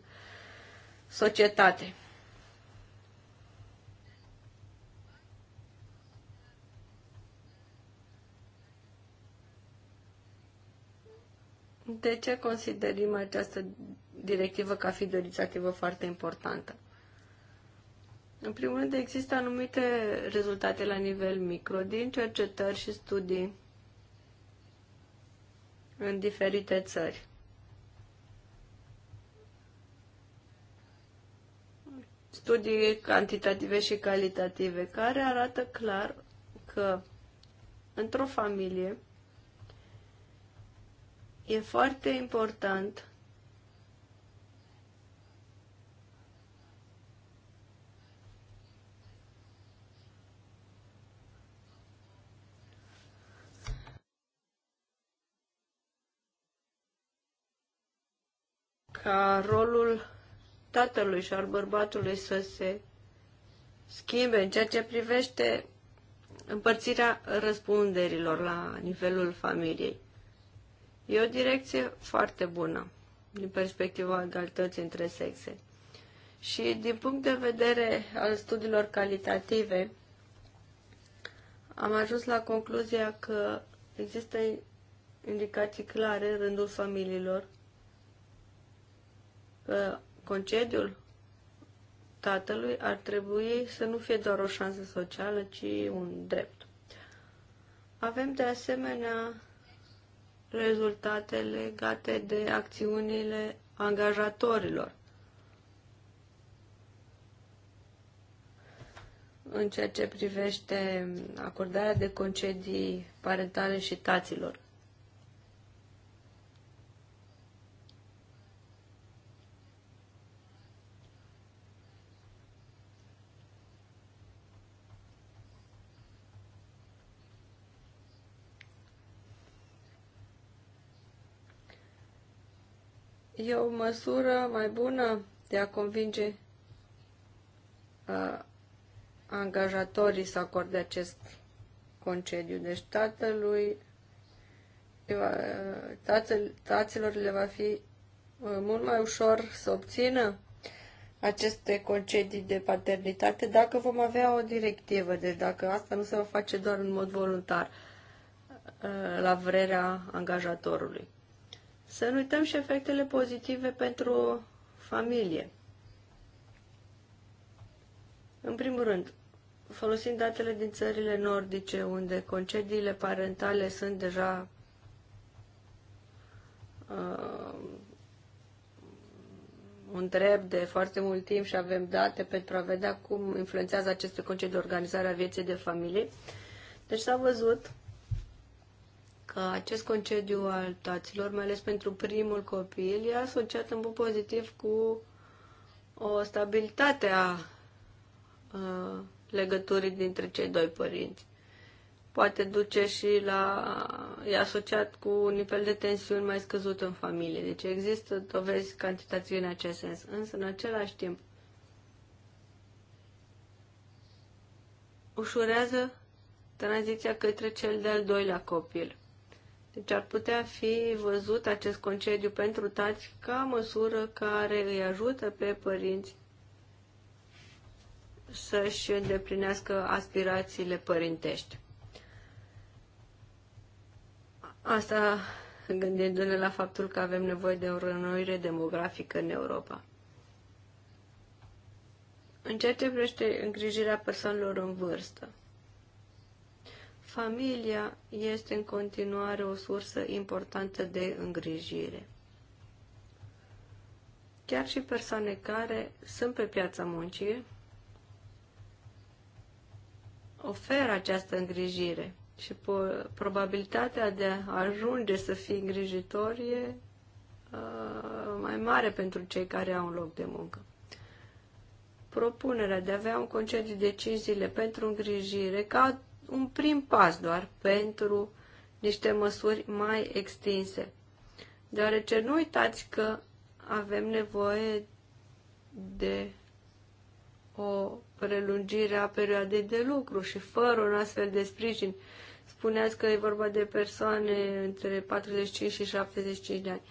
[SPEAKER 1] societate. De ce considerim această directivă ca fiind o inițiativă foarte importantă? În primul rând, există anumite rezultate la nivel micro din cercetări și studii în diferite țări. Studii cantitative și calitative care arată clar că într-o familie e foarte important ca rolul tatălui și al bărbatului să se schimbe în ceea ce privește împărțirea răspunderilor la nivelul familiei. E o direcție foarte bună din perspectiva egalității între sexe. Și din punct de vedere al studiilor calitative, am ajuns la concluzia că există indicații clare în rândul familiilor concediul tatălui ar trebui să nu fie doar o șansă socială, ci un drept. Avem de asemenea rezultate legate de acțiunile angajatorilor. în ceea ce privește acordarea de concedii parentale și taților. e o măsură mai bună de a convinge uh, angajatorii să acorde acest concediu. Deci tatălui tatăl, taților le va fi uh, mult mai ușor să obțină aceste concedii de paternitate dacă vom avea o directivă. Deci dacă asta nu se va face doar în mod voluntar uh, la vrerea angajatorului. Să nu uităm și efectele pozitive pentru familie. În primul rând, folosind datele din țările nordice, unde concediile parentale sunt deja uh, un drept de foarte mult timp și avem date pentru a vedea cum influențează aceste concedii organizarea vieții de familie. Deci s-a văzut că acest concediu al taților, mai ales pentru primul copil, e asociat în mod pozitiv cu o stabilitate a legăturii dintre cei doi părinți. Poate duce și la... e asociat cu un nivel de tensiuni mai scăzut în familie. Deci există dovezi cantitative în acest sens. Însă, în același timp, ușurează tranziția către cel de-al doilea copil. Deci ar putea fi văzut acest concediu pentru tați ca măsură care îi ajută pe părinți să-și îndeplinească aspirațiile părintești. Asta gândindu-ne la faptul că avem nevoie de o rănoire demografică în Europa. În ceea ce privește îngrijirea persoanelor în vârstă, Familia este în continuare o sursă importantă de îngrijire. Chiar și persoane care sunt pe piața muncii oferă această îngrijire și probabilitatea de a ajunge să fie îngrijitorie uh, mai mare pentru cei care au un loc de muncă. Propunerea de a avea un concediu de 5 zile pentru îngrijire, ca un prim pas doar pentru niște măsuri mai extinse. Deoarece nu uitați că avem nevoie de o prelungire a perioadei de lucru și fără un astfel de sprijin. Spuneați că e vorba de persoane între 45 și 75 de ani.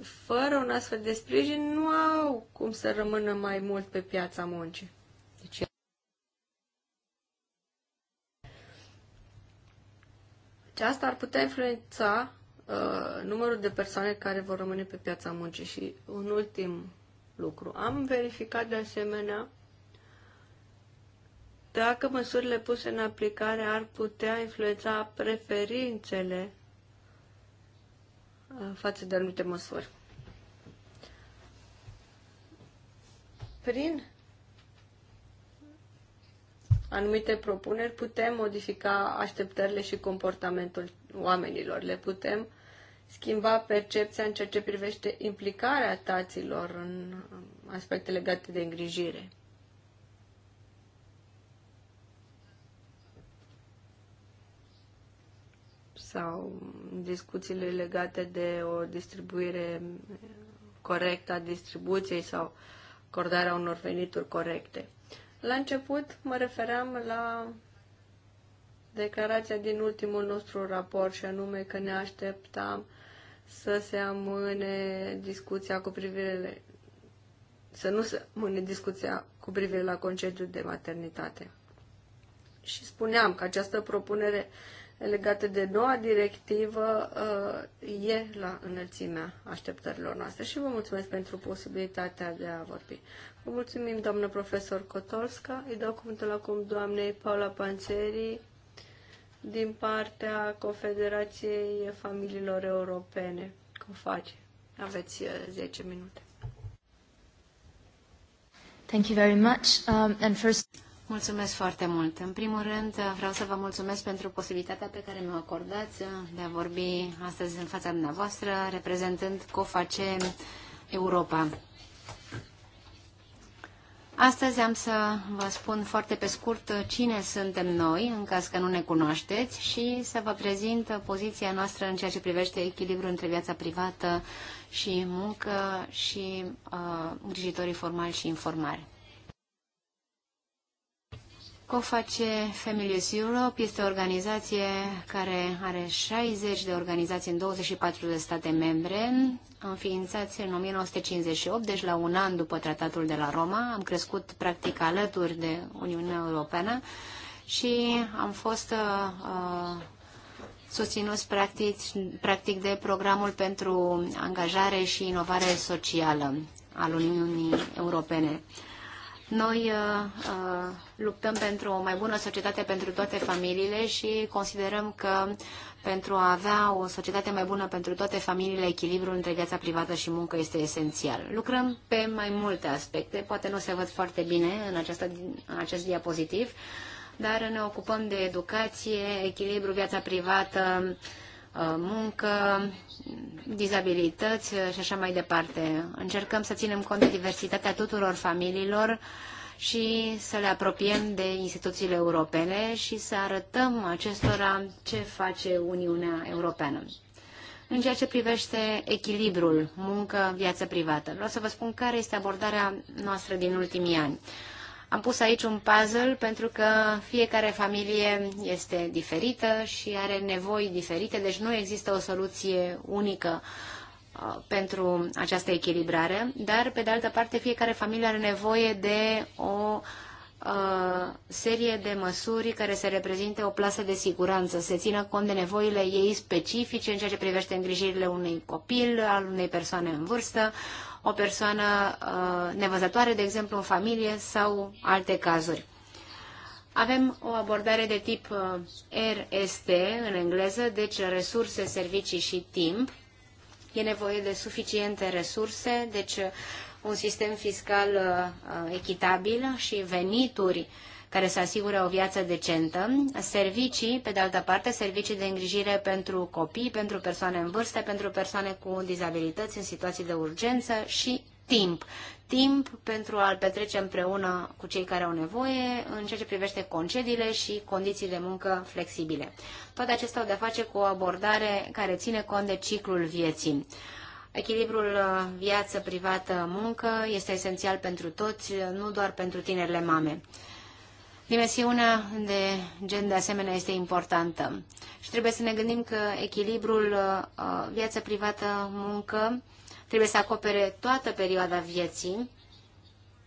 [SPEAKER 1] Fără un astfel de sprijin nu au cum să rămână mai mult pe piața muncii. Și deci asta ar putea influența uh, numărul de persoane care vor rămâne pe piața muncii. Și un ultim lucru. Am verificat de asemenea dacă măsurile puse în aplicare ar putea influența preferințele uh, față de anumite măsuri. Prin anumite propuneri, putem modifica așteptările și comportamentul oamenilor. Le putem schimba percepția în ceea ce privește implicarea taților în aspecte legate de îngrijire. sau discuțiile legate de o distribuire corectă a distribuției sau acordarea unor venituri corecte. La început mă refeream la declarația din ultimul nostru raport și anume că ne așteptam să se amâne discuția cu privire să nu se amâne discuția cu privire la concediul de maternitate. Și spuneam că această propunere legată de noua directivă uh, e la înălțimea așteptărilor noastre și vă mulțumesc pentru posibilitatea de a vorbi. Vă mulțumim, doamnă profesor Kotorska. Îi dau cuvântul acum doamnei Paula Panțeri din partea Confederației Familiilor Europene. Cum face? Aveți 10 uh, minute.
[SPEAKER 3] Thank
[SPEAKER 2] you very much. Um, and first... Mulțumesc foarte mult. În primul rând, vreau să vă mulțumesc pentru posibilitatea pe care mi-o acordați de a vorbi astăzi în fața dumneavoastră, reprezentând COFACE Europa. Astăzi am să vă spun foarte pe scurt cine suntem noi, în caz că nu ne cunoașteți, și să vă prezint poziția noastră în ceea ce privește echilibrul între viața privată și muncă și uh, îngrijitorii formali și informari. COFACE Families Europe este o organizație care are 60 de organizații în 24 de state membre, înființați în 1958, deci la un an după tratatul de la Roma. Am crescut practic alături de Uniunea Europeană și am fost uh, uh susținuți practic, practic de programul pentru angajare și inovare socială al Uniunii Europene. Noi uh, uh, luptăm pentru o mai bună societate pentru toate familiile și considerăm că pentru a avea o societate mai bună pentru toate familiile, echilibrul între viața privată și muncă este esențial. Lucrăm pe mai multe aspecte, poate nu se văd foarte bine în, această, în acest diapozitiv, dar ne ocupăm de educație, echilibru, viața privată, uh, muncă, dizabilități și așa mai departe. Încercăm să ținem cont de diversitatea tuturor familiilor, și să le apropiem de instituțiile europene și să arătăm acestora ce face Uniunea Europeană. În ceea ce privește echilibrul muncă-viață privată, vreau să vă spun care este abordarea noastră din ultimii ani. Am pus aici un puzzle pentru că fiecare familie este diferită și are nevoi diferite, deci nu există o soluție unică Uh, pentru această echilibrare, dar, pe de altă parte, fiecare familie are nevoie de o uh, serie de măsuri care să reprezinte o plasă de siguranță, să țină cont de nevoile ei specifice în ceea ce privește îngrijirile unui copil, al unei persoane în vârstă, o persoană uh, nevăzătoare, de exemplu, în familie sau alte cazuri. Avem o abordare de tip uh, RST în engleză, deci resurse, servicii și timp, E nevoie de suficiente resurse, deci uh, un sistem fiscal uh, uh, echitabil și venituri care să asigure o viață decentă, servicii, pe de altă parte, servicii de îngrijire pentru copii, pentru persoane în vârstă, pentru persoane cu dizabilități în situații de urgență și timp timp pentru a-l petrece împreună cu cei care au nevoie în ceea ce privește concediile și condiții de muncă flexibile. Toate acestea au de-a face cu o abordare care ține cont de ciclul vieții. Echilibrul uh, viață privată-muncă este esențial pentru toți, nu doar pentru tinerile mame. Dimensiunea de gen de asemenea este importantă și trebuie să ne gândim că echilibrul uh, uh, viață privată-muncă Trebuie să acopere toată perioada vieții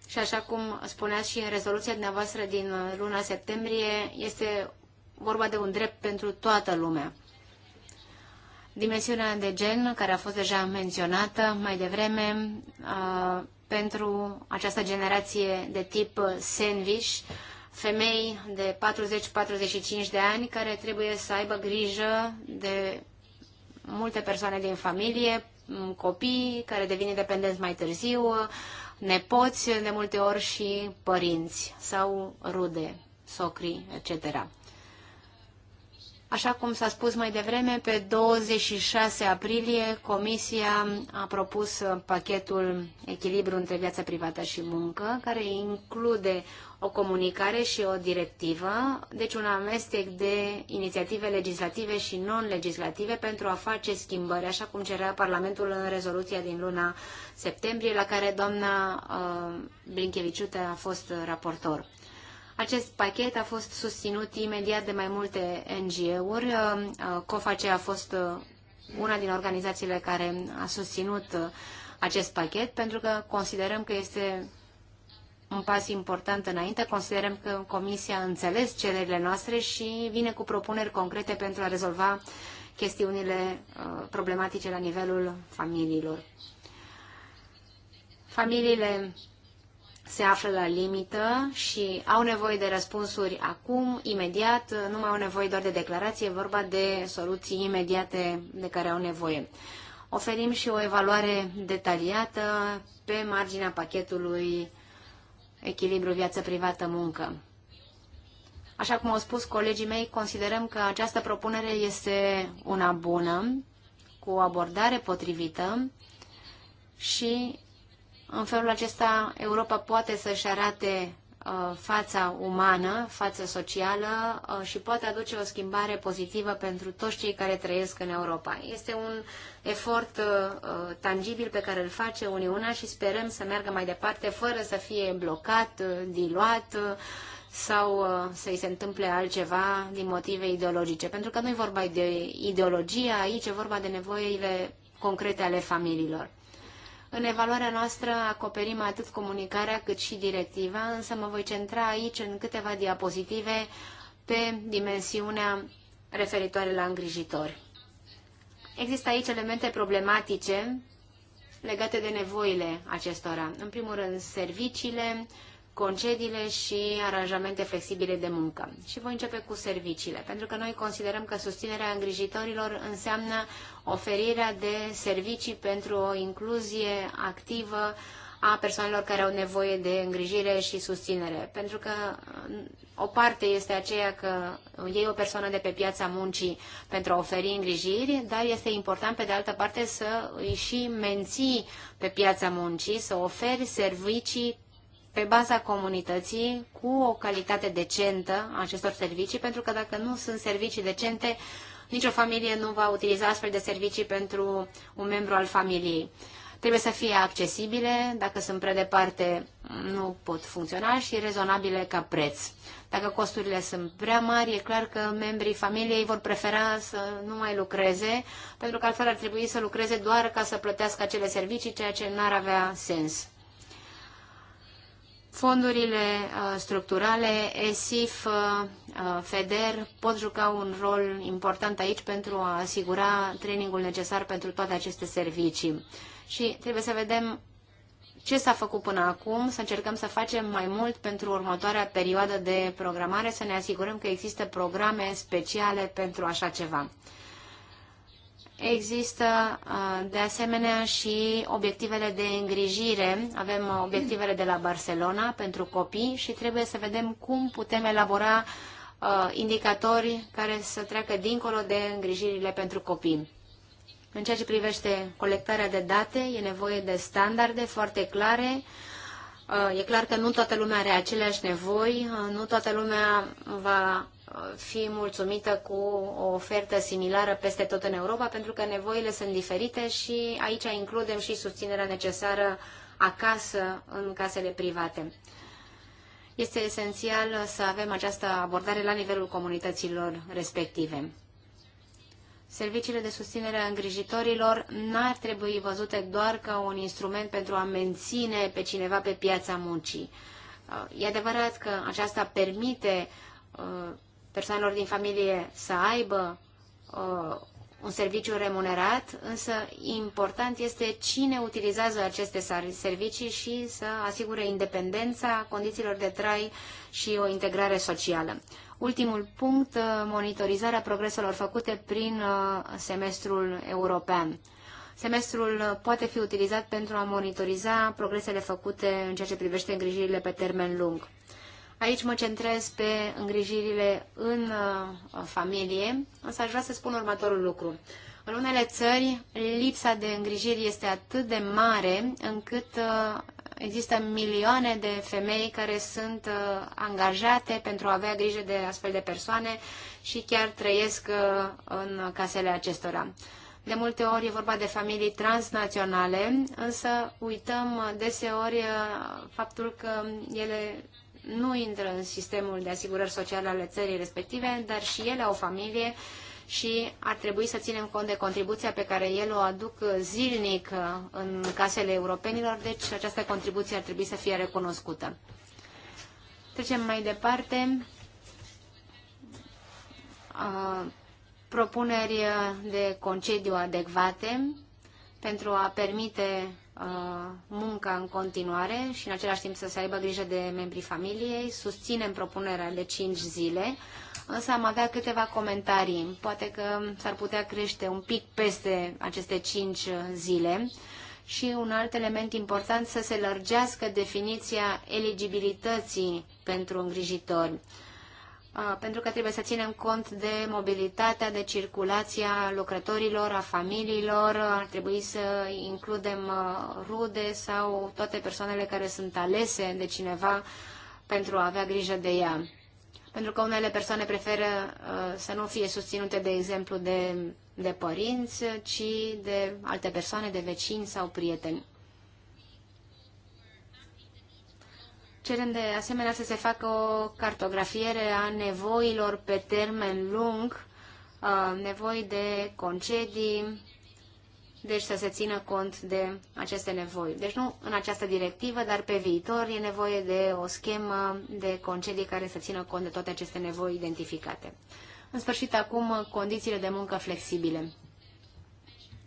[SPEAKER 2] și așa cum spuneați și în rezoluția dumneavoastră din luna septembrie, este vorba de un drept pentru toată lumea. Dimensiunea de gen, care a fost deja menționată mai devreme, uh, pentru această generație de tip sandwich, femei de 40-45 de ani care trebuie să aibă grijă de multe persoane din familie, copii care devin independenți mai târziu, nepoți de multe ori și părinți sau rude, socri, etc. Așa cum s-a spus mai devreme, pe 26 aprilie Comisia a propus pachetul echilibru între viața privată și muncă, care include o comunicare și o directivă, deci un amestec de inițiative legislative și non-legislative pentru a face schimbări, așa cum cerea Parlamentul în rezoluția din luna septembrie, la care doamna uh, a fost raportor. Acest pachet a fost susținut imediat de mai multe NGO-uri. Uh, COFACE a fost uh, una din organizațiile care a susținut uh, acest pachet pentru că considerăm că este un pas important înainte. Considerăm că Comisia a înțeles cererile noastre și vine cu propuneri concrete pentru a rezolva chestiunile problematice la nivelul familiilor. Familiile se află la limită și au nevoie de răspunsuri acum, imediat, nu mai au nevoie doar de declarație, vorba de soluții imediate de care au nevoie. Oferim și o evaluare detaliată pe marginea pachetului echilibru viață privată-muncă. Așa cum au spus colegii mei, considerăm că această propunere este una bună, cu o abordare potrivită și în felul acesta, Europa poate să-și arate uh, fața umană, fața socială uh, și poate aduce o schimbare pozitivă pentru toți cei care trăiesc în Europa. Este un efort uh, tangibil pe care îl face Uniunea și sperăm să meargă mai departe fără să fie blocat, diluat sau să-i se întâmple altceva din motive ideologice. Pentru că nu e vorba de ideologie, aici e vorba de nevoile concrete ale familiilor. În evaluarea noastră acoperim atât comunicarea cât și directiva, însă mă voi centra aici în câteva diapozitive pe dimensiunea referitoare la îngrijitori. Există aici elemente problematice legate de nevoile acestora. În primul rând, serviciile, concediile și aranjamente flexibile de muncă. Și voi începe cu serviciile, pentru că noi considerăm că susținerea îngrijitorilor înseamnă oferirea de servicii pentru o incluzie activă a persoanelor care au nevoie de îngrijire și susținere. Pentru că mm, o parte este aceea că iei o persoană de pe piața muncii pentru a oferi îngrijiri, dar este important pe de altă parte să îi și menții pe piața muncii, să oferi servicii pe baza comunității cu o calitate decentă a acestor servicii, pentru că dacă nu sunt servicii decente, nicio familie nu va utiliza astfel de servicii pentru un membru al familiei. Trebuie să fie accesibile, dacă sunt prea departe nu pot funcționa și rezonabile ca preț. Dacă costurile sunt prea mari, e clar că membrii familiei vor prefera să nu mai lucreze, pentru că altfel ar trebui să lucreze doar ca să plătească acele servicii, ceea ce n-ar avea sens. Fondurile uh, structurale, ESIF, uh, uh, FEDER pot juca un rol important aici pentru a asigura trainingul necesar pentru toate aceste servicii. Și trebuie să vedem ce s-a făcut până acum, să încercăm să facem mai mult pentru următoarea perioadă de programare, să ne asigurăm că există programe speciale pentru așa ceva. Există de asemenea și obiectivele de îngrijire. Avem obiectivele de la Barcelona pentru copii și trebuie să vedem cum putem elabora indicatori care să treacă dincolo de îngrijirile pentru copii. În ceea ce privește colectarea de date, e nevoie de standarde foarte clare. E clar că nu toată lumea are aceleași nevoi, nu toată lumea va fi mulțumită cu o ofertă similară peste tot în Europa, pentru că nevoile sunt diferite și aici includem și susținerea necesară acasă, în casele private. Este esențial să avem această abordare la nivelul comunităților respective. Serviciile de susținere a îngrijitorilor n-ar trebui văzute doar ca un instrument pentru a menține pe cineva pe piața muncii. Uh, e adevărat că aceasta permite uh, persoanelor din familie să aibă uh, un serviciu remunerat, însă important este cine utilizează aceste servicii și să asigure independența condițiilor de trai și o integrare socială. Ultimul punct, uh, monitorizarea progreselor făcute prin uh, semestrul european. Semestrul uh, poate fi utilizat pentru a monitoriza progresele făcute în ceea ce privește îngrijirile pe termen lung. Aici mă centrez pe îngrijirile în uh, familie, însă aș vrea să spun următorul lucru. În unele țări, lipsa de îngrijiri este atât de mare încât uh, există milioane de femei care sunt uh, angajate pentru a avea grijă de astfel de persoane și chiar trăiesc în casele acestora. De multe ori e vorba de familii transnaționale, însă uităm deseori faptul că ele nu intră în sistemul de asigurări sociale ale țării respective, dar și ele au familie și ar trebui să ținem cont de contribuția pe care el o aduc zilnic uh, în casele europenilor, deci această contribuție ar trebui să fie recunoscută. Trecem mai departe. Uh, propuneri de concediu adecvate pentru a permite Uh, munca în continuare și în același timp să se aibă grijă de membrii familiei. Susținem propunerea de 5 zile, însă am avea câteva comentarii. Poate că s-ar putea crește un pic peste aceste 5 zile și un alt element important să se lărgească definiția eligibilității pentru îngrijitori pentru că trebuie să ținem cont de mobilitatea, de circulația lucrătorilor, a familiilor, ar trebui să includem uh, rude sau toate persoanele care sunt alese de cineva pentru a avea grijă de ea. Pentru că unele persoane preferă uh, să nu fie susținute, de exemplu, de, de părinți, ci de alte persoane, de vecini sau prieteni. Cerem de asemenea să se facă o cartografiere a nevoilor pe termen lung, nevoi de concedii, deci să se țină cont de aceste nevoi. Deci nu în această directivă, dar pe viitor e nevoie de o schemă de concedii care să țină cont de toate aceste nevoi identificate. În sfârșit, acum, condițiile de muncă flexibile.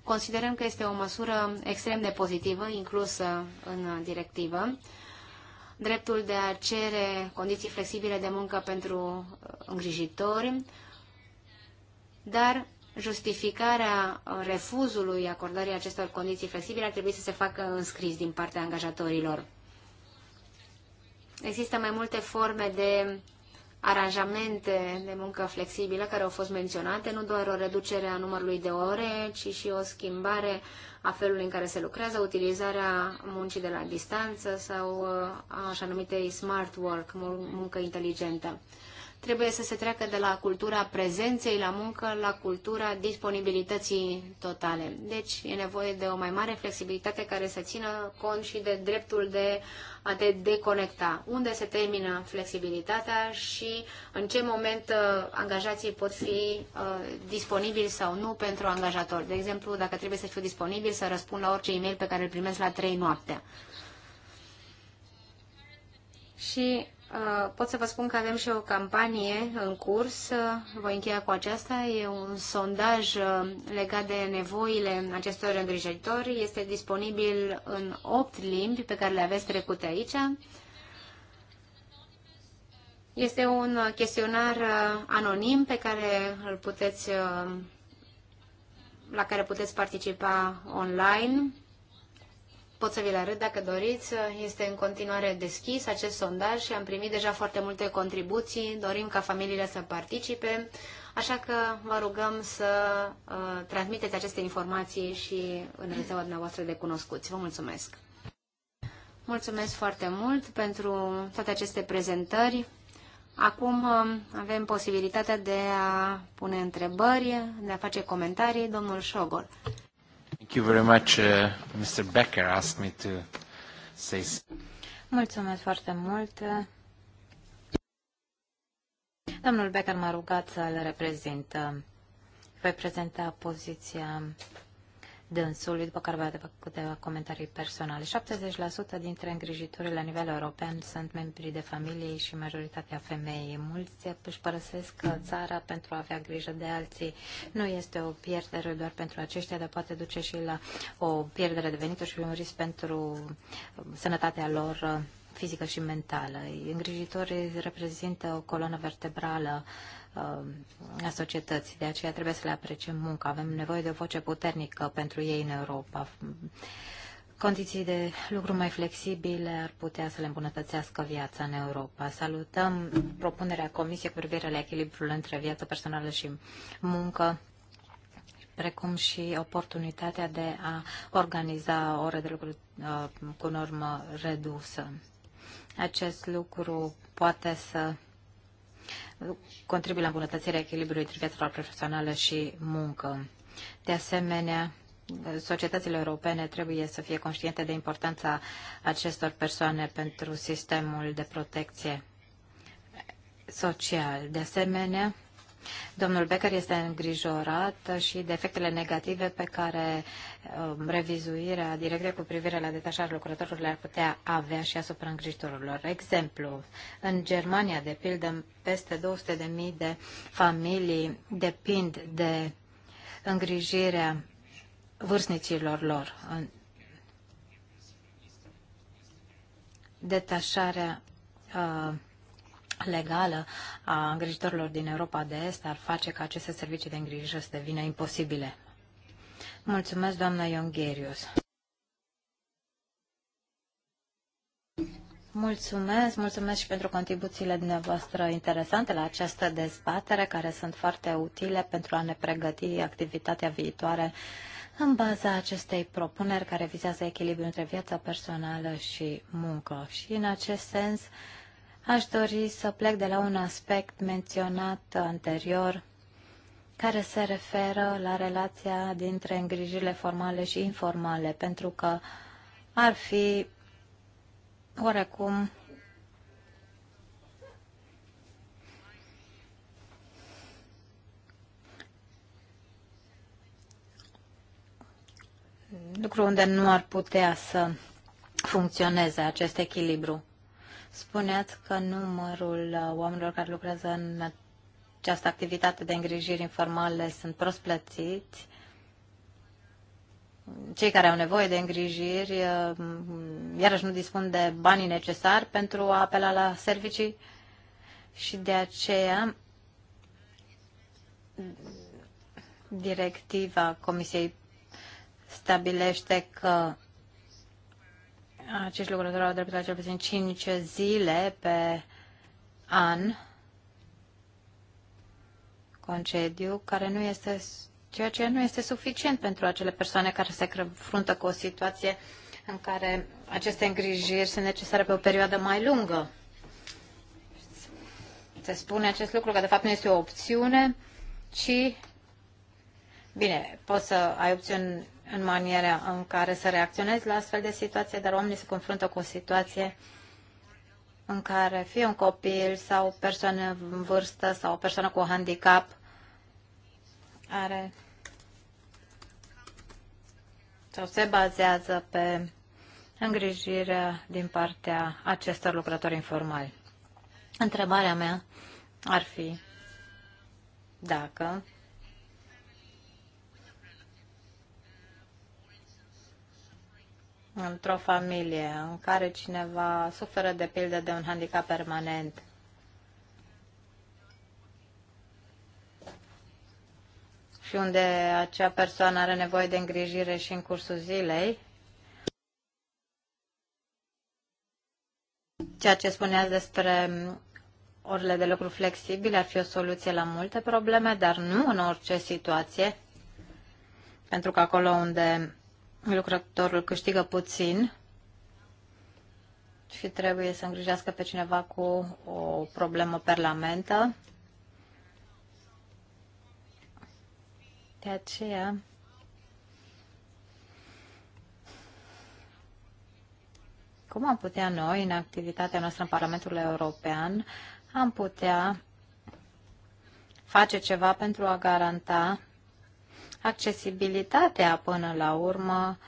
[SPEAKER 2] Considerăm că este o măsură extrem de pozitivă inclusă în directivă dreptul de a cere condiții flexibile de muncă pentru uh, îngrijitori, dar justificarea uh, refuzului acordării acestor condiții flexibile ar trebui să se facă înscris din partea angajatorilor. Există mai multe forme de aranjamente de muncă flexibilă care au fost menționate, nu doar o reducere a numărului de ore, ci și o schimbare a felului în care se lucrează, utilizarea muncii de la distanță sau uh, așa numitei smart work, muncă inteligentă. Trebuie să se treacă de la cultura prezenței la muncă la cultura disponibilității totale. Deci e nevoie de o mai mare flexibilitate care să țină cont și de dreptul de a te deconecta. Unde se termină flexibilitatea și în ce moment uh, angajații pot fi uh, disponibili sau nu pentru angajator. De exemplu, dacă trebuie să fiu disponibil să răspund la orice e-mail pe care îl primesc la 3 noaptea. Și Uh, pot să vă spun că avem și o campanie în curs, uh, voi încheia cu aceasta, e un sondaj uh, legat de nevoile acestor îngrijitori, este disponibil în 8 limbi pe care le aveți trecute aici. Este un chestionar anonim pe care îl puteți, la care puteți participa online pot să vi le arăt dacă doriți. Este în continuare deschis acest sondaj și am primit deja foarte multe contribuții. Dorim ca familiile să participe, așa că vă rugăm să uh, transmiteți aceste informații și în rețeaua dumneavoastră de cunoscuți. Vă mulțumesc! Mulțumesc foarte mult pentru toate aceste prezentări. Acum um, avem posibilitatea de a pune întrebări, de a face comentarii. Domnul Șogol.
[SPEAKER 3] Thank you very much. Uh, Mr. Becker asked me to say Mulțumesc foarte mult. Domnul Becker m-a rugat să le reprezint. Voi prezenta poziția dânsului, după care voi avea câteva comentarii personale. 70% dintre îngrijitorii la nivel european sunt membri de familie și majoritatea femei. Mulți își părăsesc țara pentru a avea grijă de alții. Nu este o pierdere doar pentru aceștia, dar poate duce și la o pierdere de venituri și un risc pentru sănătatea lor fizică și mentală. Îngrijitorii reprezintă o coloană vertebrală uh, societății. De aceea trebuie să le apreciem munca. Avem nevoie de o voce puternică pentru ei în Europa. Condiții de lucru mai flexibile ar putea să le îmbunătățească viața în Europa. Salutăm propunerea Comisiei cu privire la echilibrul între viața personală și muncă precum și oportunitatea de a organiza ore de lucru uh, cu normă redusă. Acest lucru poate să contribuie la îmbunătățirea echilibrului între viața profesională și muncă. De asemenea, societățile europene trebuie să fie conștiente de importanța acestor persoane pentru sistemul de protecție social. De asemenea, Domnul Becker este îngrijorat și de efectele negative pe care um, revizuirea directă cu privire la detașarea lucrătorilor le-ar putea avea și asupra îngrijitorilor. Exemplu, în Germania, de pildă, peste 200.000 de familii depind de îngrijirea vârstnicilor lor. Detașarea uh, legală a îngrijitorilor din Europa de Est ar face ca aceste servicii de îngrijire să devină imposibile. Mulțumesc, doamna Iongherius. Mulțumesc, mulțumesc și pentru contribuțiile dumneavoastră interesante la această dezbatere, care sunt foarte utile pentru a ne pregăti activitatea viitoare în baza acestei propuneri care vizează echilibrul între viața personală și muncă. Și în acest sens, Aș dori să plec de la un aspect menționat anterior, care se referă la relația dintre îngrijirile formale și informale, pentru că ar fi oarecum lucru unde nu ar putea să funcționeze acest echilibru. Spuneați că numărul uh, oamenilor care lucrează în această activitate de îngrijiri informale sunt prost plătiți. Cei care au nevoie de îngrijiri, uh, iarăși nu dispun de banii necesari pentru a apela la servicii și de aceea directiva Comisiei stabilește că acești lucrători au dreptul la cel puțin 5 zile pe an concediu, care nu este, ceea ce nu este suficient pentru acele persoane care se confruntă cu o situație în care aceste îngrijiri sunt necesare pe o perioadă mai lungă. Se spune acest lucru că de fapt nu este o opțiune, ci Bine, poți să ai opțiuni în maniera în care să reacționezi la astfel de situație, dar oamenii se confruntă cu o situație în care fie un copil sau o persoană în vârstă sau o persoană cu handicap are sau se bazează pe îngrijirea din partea acestor lucrători informali. Întrebarea mea ar fi dacă într-o familie în care cineva suferă de pildă de un handicap permanent. și unde acea persoană are nevoie de îngrijire și în cursul zilei. Ceea ce spuneați despre orele de lucru flexibile ar fi o soluție la multe probleme, dar nu în orice situație, pentru că acolo unde lucrătorul câștigă puțin și trebuie să îngrijească pe cineva cu o problemă perlamentă. De aceea, cum am putea noi, în activitatea noastră în Parlamentul European, am putea face ceva pentru a garanta accesibilitatea până la urmă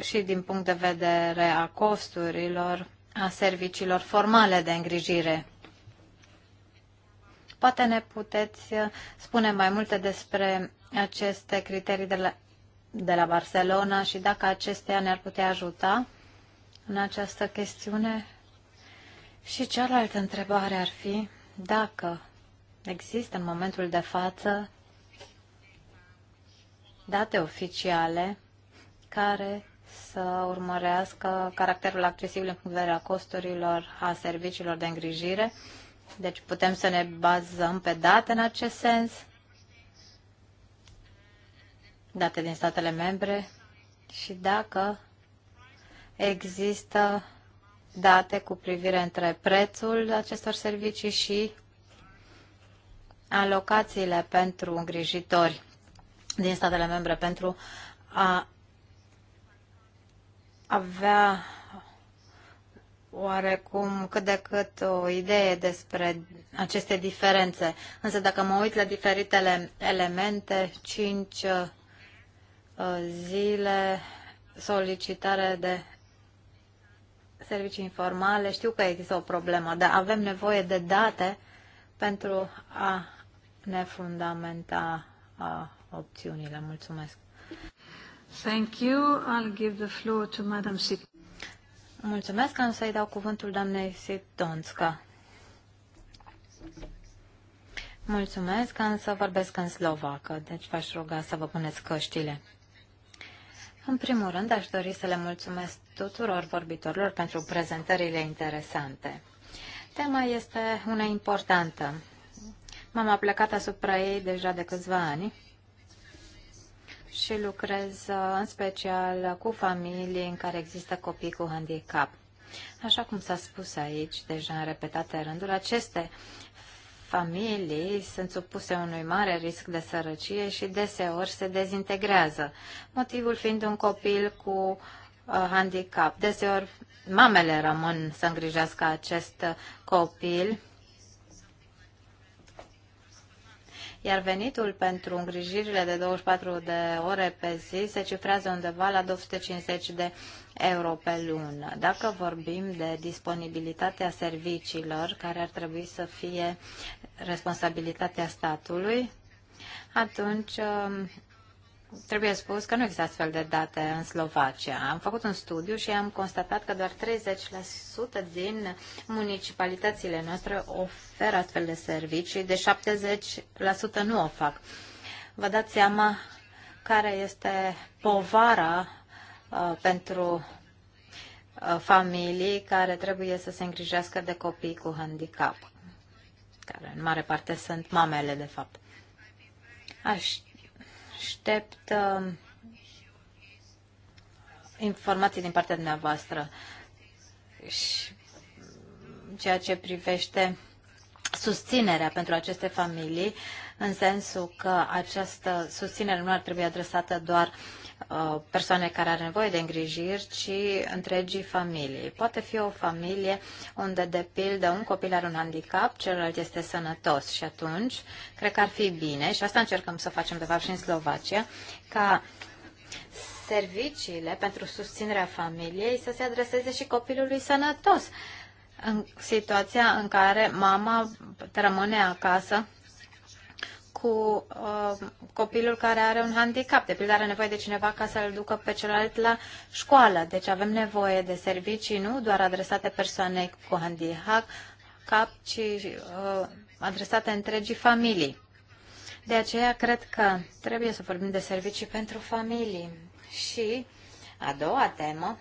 [SPEAKER 3] și din punct de vedere a costurilor, a serviciilor formale de îngrijire. Poate ne puteți uh, spune mai multe despre aceste criterii de la, de la Barcelona și dacă acestea ne-ar putea ajuta în această chestiune. Și cealaltă întrebare ar fi dacă există în momentul de față date oficiale care să urmărească caracterul accesibil în punct de vedere a costurilor, a serviciilor de îngrijire. Deci putem să ne bazăm pe date în acest sens, date din statele membre și dacă există date cu privire între prețul acestor servicii și alocațiile pentru îngrijitori din statele membre pentru a avea oarecum cât de cât o idee despre aceste diferențe. Însă dacă mă uit la diferitele elemente, 5 uh, zile solicitare de servicii informale, știu că există o problemă, dar avem nevoie de date pentru a ne fundamenta opțiunile. Mulțumesc. Thank you. I'll give the floor to Madam Sip. Mulțumesc. Am să-i dau cuvântul doamnei Siptonska. Mulțumesc, am să vorbesc în slovacă, deci v-aș ruga să vă puneți căștile. În primul rând, aș dori să le mulțumesc tuturor vorbitorilor pentru prezentările interesante. Tema este una importantă. M-am aplecat asupra ei deja de câțiva ani și lucrez uh, în special cu familii în care există copii cu handicap. Așa cum s-a spus aici, deja în repetate rânduri, aceste familii sunt supuse unui mare risc de sărăcie și deseori se dezintegrează, motivul fiind un copil cu uh, handicap. Deseori mamele rămân să îngrijească acest uh, copil iar venitul pentru îngrijirile de 24 de ore pe zi se cifrează undeva la 250 de euro pe lună. Dacă vorbim de disponibilitatea serviciilor, care ar trebui să fie responsabilitatea statului, atunci um, trebuie spus că nu există astfel de date în Slovacia. Am făcut un studiu și am constatat că doar 30% din municipalitățile noastre oferă astfel de servicii, de 70% nu o fac. Vă dați seama care este povara uh, pentru uh, familii care trebuie să se îngrijească de copii cu handicap, care în mare parte sunt mamele, de fapt. Aș aștept uh, informații din partea dumneavoastră și ceea ce privește susținerea pentru aceste familii, în sensul că această susținere nu ar trebui adresată doar uh, Uh, persoane care are nevoie de îngrijiri, ci întregii familii. Poate fi o familie unde, de pildă, un copil are un handicap, celălalt este sănătos și atunci cred că ar fi bine, și asta încercăm să facem, de fapt, și în Slovacia, ca serviciile pentru susținerea familiei să se adreseze și copilului sănătos în situația în care mama rămâne acasă cu uh, copilul care are un handicap, de pildă are nevoie de cineva ca să-l ducă pe celălalt la școală. Deci avem nevoie de servicii nu doar adresate persoanei cu handicap, ci uh, adresate întregii familii. De aceea cred că trebuie să vorbim de servicii pentru familii. Și a doua temă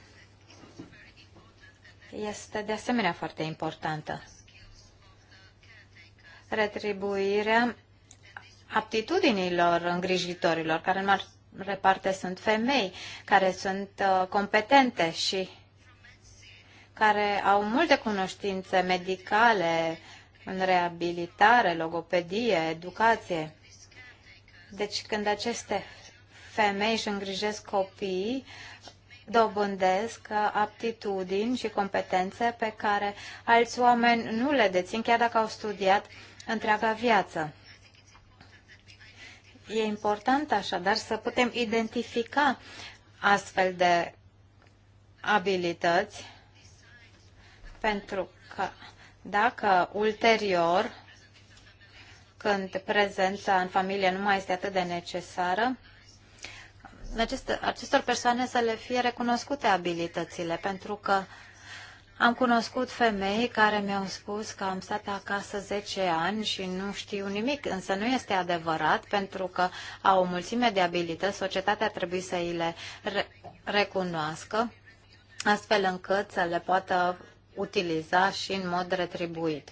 [SPEAKER 3] este de asemenea foarte importantă retribuirea aptitudinilor îngrijitorilor, care în mare parte sunt femei, care sunt uh, competente și care au multe cunoștințe medicale în reabilitare, logopedie, educație. Deci când aceste femei își îngrijesc copiii, dobândesc uh, aptitudini și competențe pe care alți oameni nu le dețin, chiar dacă au studiat întreaga viață. E important așadar să putem identifica astfel de abilități pentru că dacă ulterior, când prezența în familie nu mai este atât de necesară, aceste, acestor persoane să le fie recunoscute abilitățile, pentru că am cunoscut femei care mi-au spus că am stat acasă 10 ani și nu știu nimic, însă nu este adevărat pentru că au o mulțime de abilități, societatea trebuie să îi le re- recunoască astfel încât să le poată utiliza și în mod retribuit.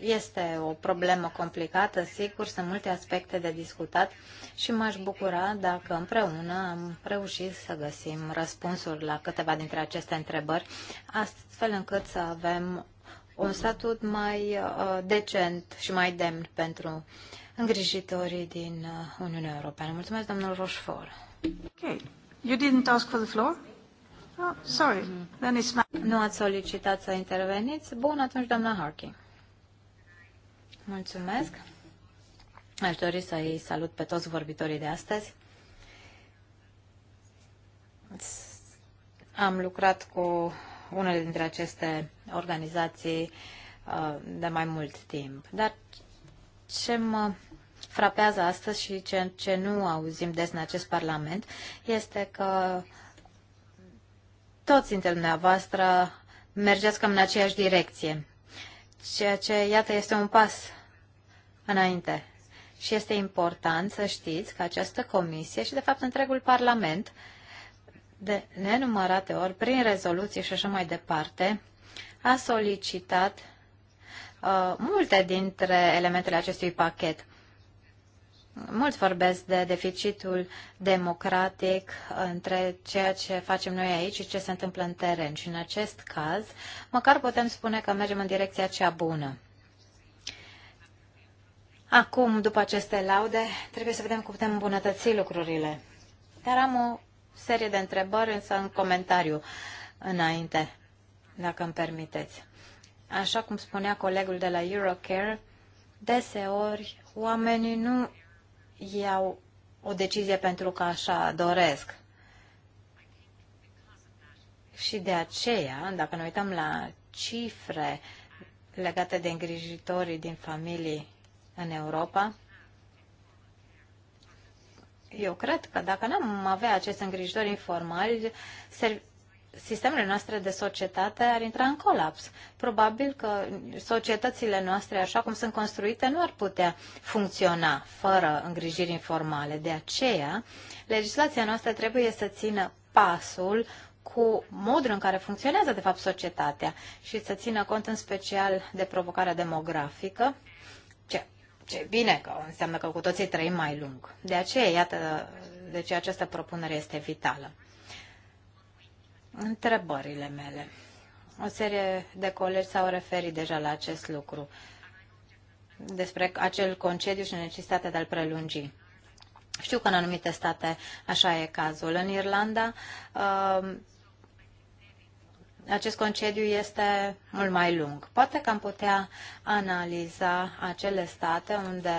[SPEAKER 3] Este o problemă complicată, sigur, sunt multe aspecte de discutat și m-aș bucura dacă împreună am reușit să găsim răspunsuri la câteva dintre aceste întrebări, astfel încât să avem un statut mai uh, decent și mai demn pentru îngrijitorii din uh, Uniunea Europeană. Mulțumesc, domnul Rochefort. Okay. You didn't ask for the floor? Oh, sorry. Then it's... Nu ați solicitat să interveniți? Bun, atunci, doamna Harkin. Mulțumesc. Aș dori să-i salut pe toți vorbitorii de astăzi. Am lucrat cu unele dintre aceste organizații uh, de mai mult timp. Dar ce mă frapează astăzi și ce, ce nu auzim des în acest Parlament este că toți dintre dumneavoastră mergeți cam în aceeași direcție. Ceea ce, iată, este un pas înainte. Și este important să știți că această comisie și, de fapt, întregul Parlament, de nenumărate ori, prin rezoluții și așa mai departe, a solicitat uh, multe dintre elementele acestui pachet. Mulți vorbesc de deficitul democratic între ceea ce facem noi aici și ce se întâmplă în teren. Și în acest caz, măcar putem spune că mergem în direcția cea bună. Acum, după aceste laude, trebuie să vedem cum putem îmbunătăți lucrurile. Dar am o serie de întrebări, însă în comentariu înainte, dacă îmi permiteți. Așa cum spunea colegul de la Eurocare, deseori oamenii nu iau o decizie pentru că așa doresc. Și de aceea, dacă ne uităm la cifre legate de îngrijitorii din familii în Europa. Eu cred că dacă n-am avea aceste îngrijori informali, sistemele noastre de societate ar intra în colaps. Probabil că societățile noastre, așa cum sunt construite, nu ar putea funcționa fără îngrijiri informale. De aceea, legislația noastră trebuie să țină pasul cu modul în care funcționează, de fapt, societatea și să țină cont în special de provocarea demografică, ce ce bine că înseamnă că cu toții trăim mai lung. De aceea, iată, ce deci această propunere este vitală. Întrebările mele. O serie de colegi s-au referit deja la acest lucru, despre acel concediu și necesitatea de a-l prelungi. Știu că în anumite state așa e cazul. În Irlanda, uh, acest concediu este mult mai lung. Poate că am putea analiza acele state unde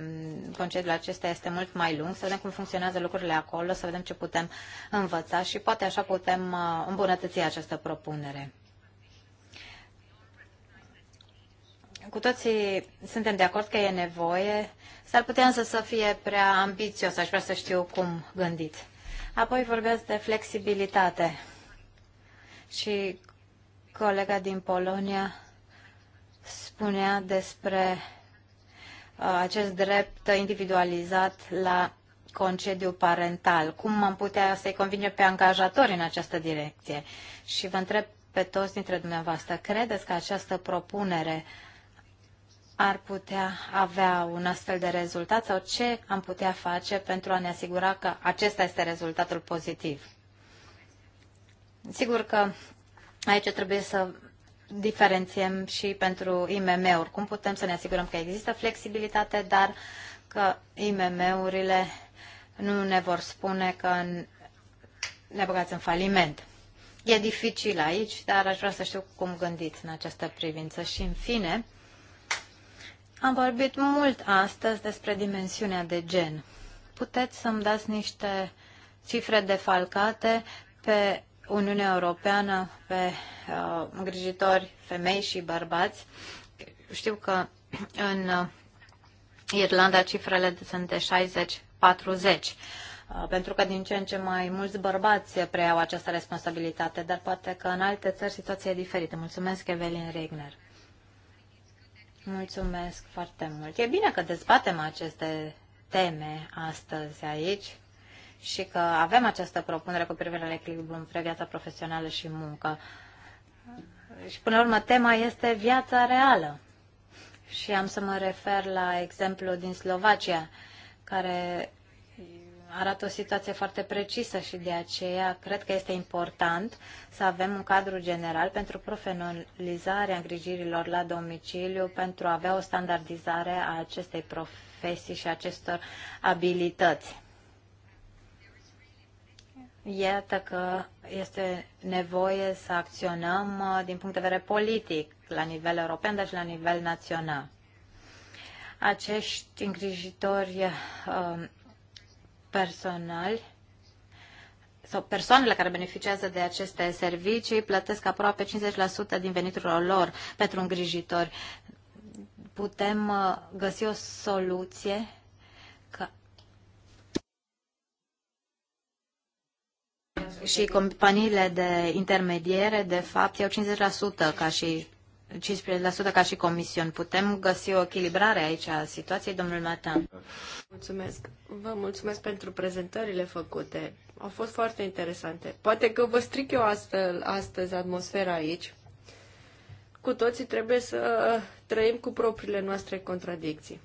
[SPEAKER 3] mm, concediul acesta este mult mai lung, să vedem cum funcționează lucrurile acolo, să vedem ce putem învăța și poate așa putem uh, îmbunătăți această propunere. Cu toții suntem de acord că e nevoie, s-ar putea însă să fie prea ambițios, aș vrea să știu cum gândiți. Apoi vorbeați de flexibilitate și colega din Polonia spunea despre uh, acest drept individualizat la concediu parental. Cum am putea să-i convinge pe angajatori în această direcție? Și vă întreb pe toți dintre dumneavoastră, credeți că această propunere ar putea avea un astfel de rezultat sau ce am putea face pentru a ne asigura că acesta este rezultatul pozitiv? Sigur că aici trebuie să diferențiem și pentru IMM-uri. Cum putem să ne asigurăm că există flexibilitate, dar că IMM-urile nu ne vor spune că ne băgați în faliment. E dificil aici, dar aș vrea să știu cum gândiți în această privință. Și în fine, am vorbit mult astăzi despre dimensiunea de gen. Puteți să-mi dați niște cifre defalcate pe Uniunea Europeană pe uh, îngrijitori femei și bărbați. Știu că în uh, Irlanda cifrele sunt de 60-40, uh, pentru că din ce în ce mai mulți bărbați preiau această responsabilitate, dar poate că în alte țări situația e diferită. Mulțumesc, Evelyn Regner. Mulțumesc foarte mult. E bine că dezbatem aceste teme astăzi aici și că avem această propunere cu privire la echilibru între viața profesională și muncă. Și până la urmă tema este viața reală. Și am să mă refer la exemplu din Slovacia, care arată o situație foarte precisă și de aceea cred că este important să avem un cadru general pentru profesionalizarea îngrijirilor la domiciliu, pentru a avea o standardizare a acestei profesii și acestor abilități. Iată că este nevoie să acționăm uh, din punct de vedere politic la nivel european, dar și la nivel național. Acești îngrijitori uh, personali sau persoanele care beneficiază de aceste servicii plătesc aproape 50% din veniturile lor pentru îngrijitori. Putem uh, găsi o soluție și companiile de intermediere, de fapt, iau 50% ca și 15% ca și comisiuni. Putem găsi o echilibrare aici a situației, domnul Matan? Mulțumesc.
[SPEAKER 1] Vă mulțumesc pentru prezentările făcute. Au fost foarte interesante. Poate că vă stric eu astfel, astăzi atmosfera aici. Cu toții trebuie să trăim cu propriile noastre contradicții.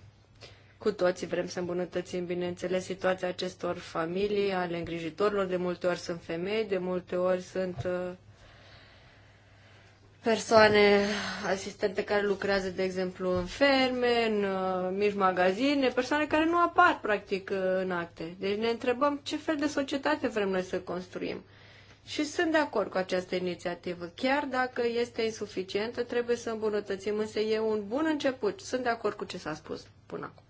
[SPEAKER 1] Cu toții vrem să îmbunătățim, bineînțeles, situația acestor familii, ale îngrijitorilor. De multe ori sunt femei, de multe ori sunt uh, persoane asistente care lucrează, de exemplu, în ferme, în uh, mici magazine, persoane care nu apar, practic, uh, în acte. Deci ne întrebăm ce fel de societate vrem noi să construim. Și sunt de acord cu această inițiativă. Chiar dacă este insuficientă, trebuie să îmbunătățim, însă e un bun început. Sunt de acord cu ce s-a spus până acum.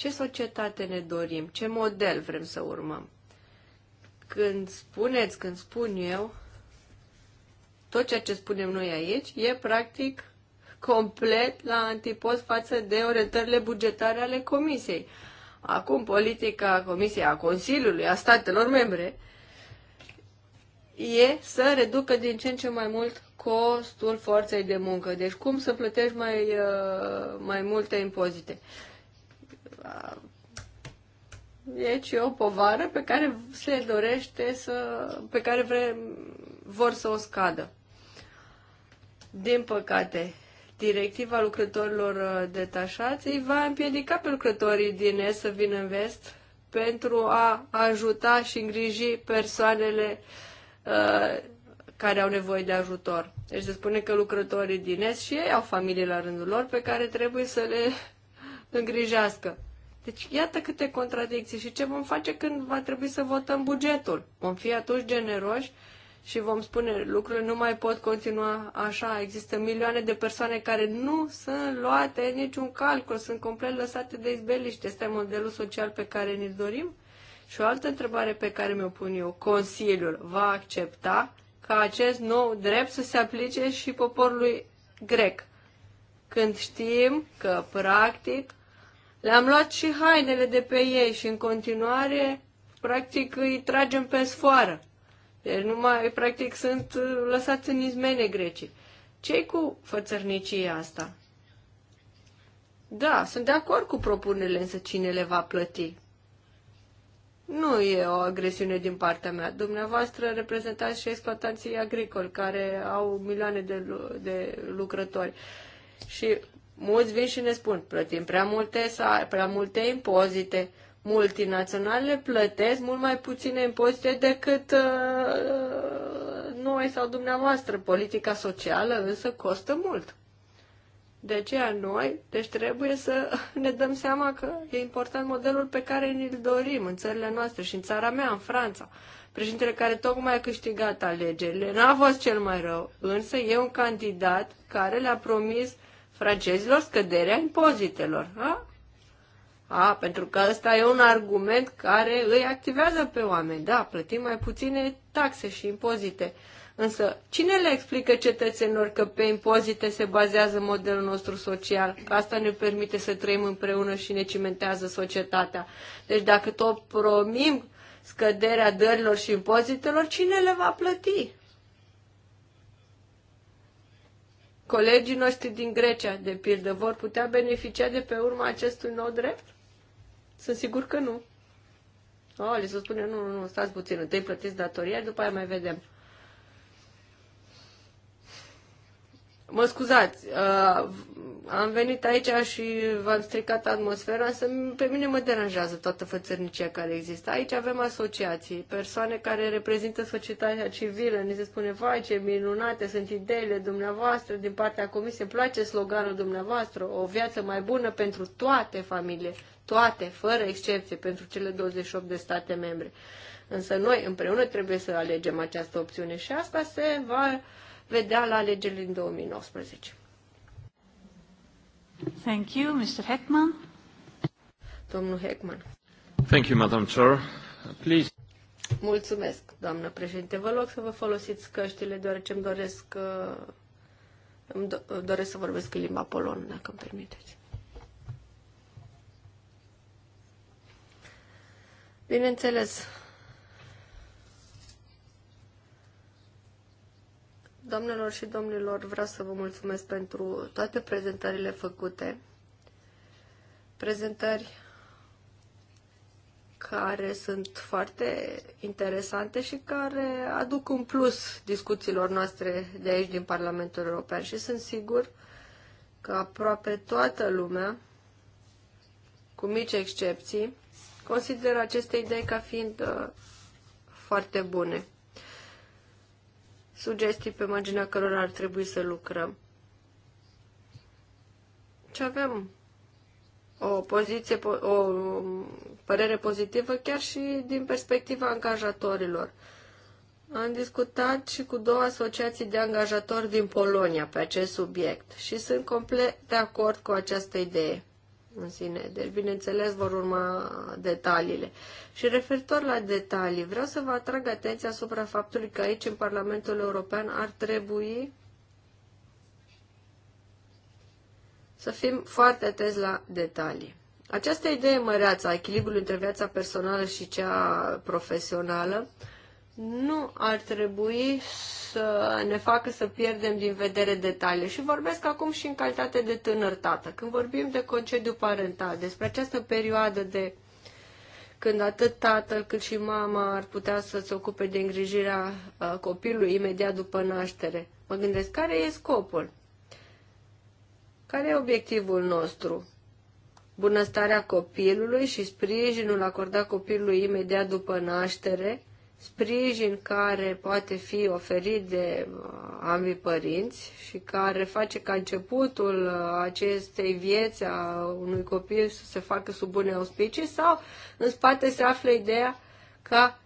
[SPEAKER 1] Ce societate ne dorim? Ce model vrem să urmăm? Când spuneți, când spun eu, tot ceea ce spunem noi aici e practic complet la antipost față de orientările bugetare ale Comisiei. Acum, politica Comisiei a Consiliului, a statelor membre, e să reducă din ce în ce mai mult costul forței de muncă. Deci cum să plătești mai, uh, mai multe impozite. Deci e o povară pe care se dorește să, pe care vre, vor să o scadă. Din păcate, directiva lucrătorilor uh, detașați îi va împiedica pe lucrătorii din Est să vină în vest pentru a ajuta și îngriji persoanele uh, care au nevoie de ajutor. Deci se spune că lucrătorii din Est și ei au familii la rândul lor pe care trebuie să le îngrijească. Deci iată câte contradicții și ce vom face când va trebui să votăm bugetul. Vom fi atunci generoși și vom spune lucrurile nu mai pot continua așa. Există milioane de persoane care nu sunt luate niciun calcul, sunt complet lăsate de izbeliște. Este modelul social pe care ne-l dorim? Și o altă întrebare pe care mi-o pun eu. Consiliul va accepta ca acest nou drept să se aplice și poporului grec, când știm că, practic, le-am luat și hainele de pe ei și în continuare, practic, îi tragem pe sfoară. Deci mai practic, sunt uh, lăsați în izmene greci. ce cu fățărnicia asta? Da, sunt de acord cu propunerile, însă cine le va plăti? Nu e o agresiune din partea mea. Dumneavoastră reprezentați și exploatații agricoli care au milioane de, de lucrători. Și Mulți vin și ne spun, plătim prea multe, prea multe impozite, multinaționale plătesc mult mai puține impozite decât uh, noi sau dumneavoastră. Politica socială însă costă mult. De aceea noi, deci trebuie să ne dăm seama că e important modelul pe care ni-l dorim în țările noastre și în țara mea, în Franța. Președintele care tocmai a câștigat alegerile n-a fost cel mai rău, însă e un candidat care le-a promis uh, francezilor scăderea impozitelor. A? A, pentru că ăsta e un argument care îi activează pe oameni. Da, plătim mai puține taxe și impozite. Însă, cine le explică cetățenilor că pe impozite se bazează modelul nostru social? Că asta ne permite să trăim împreună și ne cimentează societatea. Deci dacă tot promim scăderea dărilor și impozitelor, cine le va plăti? Colegii noștri din Grecia, de pildă, vor putea beneficia de pe urma acestui nou drept? Sunt sigur că nu. Oh, le se spune, nu, nu, nu, stați puțin, întâi plătiți datoria, după aia mai vedem. Mă scuzați, uh, am venit aici și v-am stricat atmosfera, însă pe mine mă deranjează toată fățărnicia care există. Aici avem asociații, persoane care reprezintă societatea civilă, ni se spune, vai ce minunate sunt ideile dumneavoastră din partea comisiei, îmi place sloganul dumneavoastră, o viață mai bună pentru toate familiile, toate, fără excepție, pentru cele 28 de state membre. Însă noi împreună trebuie să alegem această opțiune și asta se va vedea la alegerile din 2019. Thank you, Mr. Heckman. Domnul Heckman.
[SPEAKER 3] Thank you, Madam Chair. Please.
[SPEAKER 1] Mulțumesc, doamnă președinte. Vă rog să vă folosiți căștile, deoarece îmi doresc, uh, îmi doresc să vorbesc în limba polonă, dacă îmi permiteți. Bineînțeles, Doamnelor și domnilor, vreau să vă mulțumesc pentru toate prezentările făcute. Prezentări care sunt foarte interesante și care aduc un plus discuțiilor noastre de aici din Parlamentul European și sunt sigur că aproape toată lumea, cu mici excepții, consideră aceste idei ca fiind uh, foarte bune sugestii pe marginea cărora ar trebui să lucrăm. Și avem o poziție, o părere pozitivă chiar și din perspectiva angajatorilor. Am discutat și cu două asociații de angajatori din Polonia pe acest subiect și sunt complet de acord cu această idee în sine. Deci, bineînțeles, vor urma detaliile. Și referitor la detalii, vreau să vă atrag atenția asupra faptului că aici, în Parlamentul European, ar trebui să fim foarte atenți la detalii. Această idee măreață a echilibrului între viața personală și cea profesională nu ar trebui să ne facă să pierdem din vedere detalii. Și vorbesc acum și în calitate de tânăr tată. Când vorbim de concediu parental, despre această perioadă de când atât tată, cât și mama ar putea să se ocupe de îngrijirea uh, copilului imediat după naștere. Mă gândesc, care e scopul? Care e obiectivul nostru? Bunăstarea copilului și sprijinul acordat copilului imediat după naștere, sprijin care poate fi oferit de uh, ambii părinți și care face ca începutul uh, acestei vieți a unui copil să se facă sub bune auspicii sau în spate se află ideea ca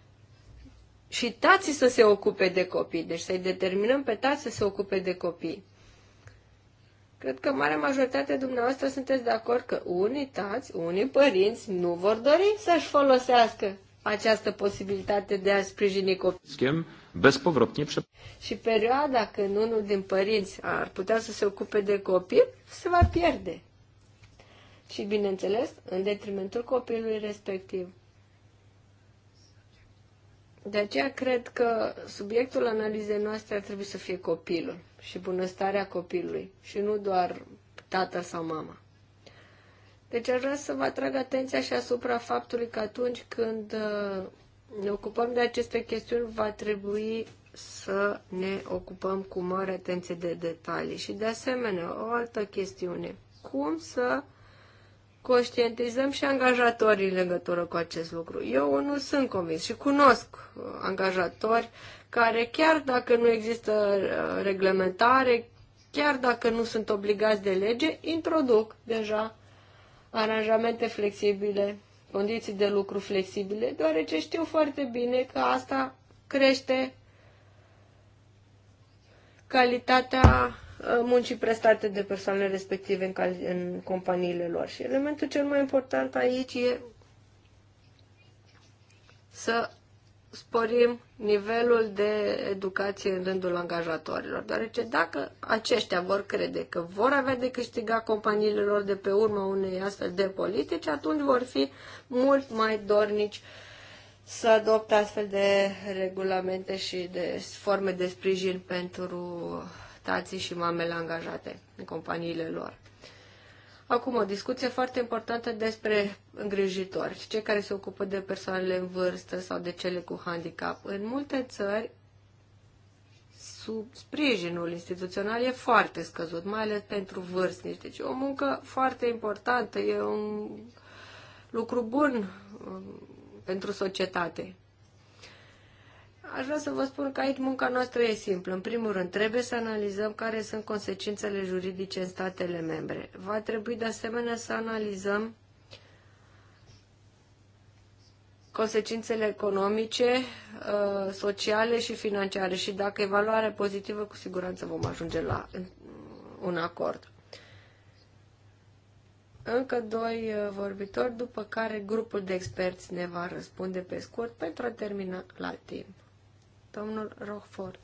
[SPEAKER 1] și tații să se ocupe de copii, deci să-i determinăm pe tați să se ocupe de copii. Cred că marea majoritate dumneavoastră sunteți de acord că unii tați, unii părinți nu vor dori să-și folosească această posibilitate de a sprijini
[SPEAKER 3] copiii.
[SPEAKER 1] Și perioada când unul din părinți ar putea să se ocupe de copil, se va pierde. Și, bineînțeles, în detrimentul copilului respectiv. De aceea cred că subiectul analizei noastre ar trebui să fie copilul și bunăstarea copilului și nu doar tatăl sau mama. Deci aș vrea să vă atrag atenția și asupra faptului că atunci când uh, ne ocupăm de aceste chestiuni, va trebui să ne ocupăm cu mare atenție de detalii. Și de asemenea, o altă chestiune, cum să conștientizăm și angajatorii în legătură cu acest lucru. Eu nu sunt convins și cunosc uh, angajatori care chiar dacă nu există uh, reglementare, chiar dacă nu sunt obligați de lege, introduc deja aranjamente flexibile, condiții de lucru flexibile, deoarece știu foarte bine că asta crește calitatea uh, muncii prestate de persoanele respective în, cal- în companiile lor. Și elementul cel mai important aici e să sporim nivelul de educație în rândul angajatorilor, deoarece dacă aceștia vor crede că vor avea de câștigat companiile lor de pe urma unei astfel de politici, atunci vor fi mult mai dornici să adopte astfel de regulamente și de forme de sprijin pentru tații și mamele angajate în companiile lor. Acum, o discuție foarte importantă despre îngrijitori, cei care se ocupă de persoanele în vârstă sau de cele cu handicap. În multe țări, sub sprijinul instituțional e foarte scăzut, mai ales pentru vârstnici. Deci e o muncă foarte importantă, e un lucru bun um, pentru societate. Aș vrea să vă spun că aici munca noastră e simplă. În primul rând, trebuie să analizăm care sunt consecințele juridice în statele membre. Va trebui de asemenea să analizăm consecințele economice, uh, sociale și financiare și dacă evaluarea pozitivă, cu siguranță vom ajunge la un acord. Încă doi uh, vorbitori, după care grupul de experți ne va răspunde pe scurt pentru a termina la timp. Domnul Rochford.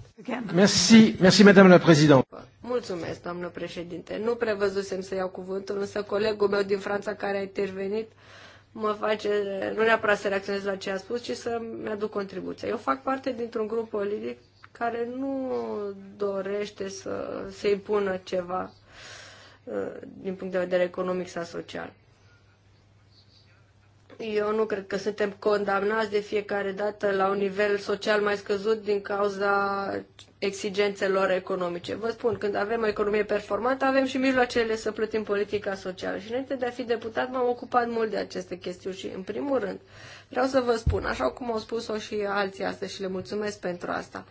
[SPEAKER 3] Merci, merci, madame la présidente.
[SPEAKER 1] Mulțumesc, doamnă președinte. Nu prevăzusem să iau cuvântul, însă colegul meu din Franța care a intervenit mă face, nu neapărat să reacționez la ce a spus, ci să-mi aduc contribuția. Eu fac parte dintr-un grup politic care nu dorește să se impună ceva uh, din punct de vedere economic sau social eu nu cred că suntem condamnați de fiecare dată la un nivel social mai scăzut din cauza exigențelor economice. Vă spun, când avem o economie performantă, avem și mijloacele să plătim politica socială. Și înainte de a fi deputat, m-am ocupat mult de aceste chestiuni și, în primul rând, vreau să vă spun, așa cum au spus-o și alții astăzi și le mulțumesc pentru asta,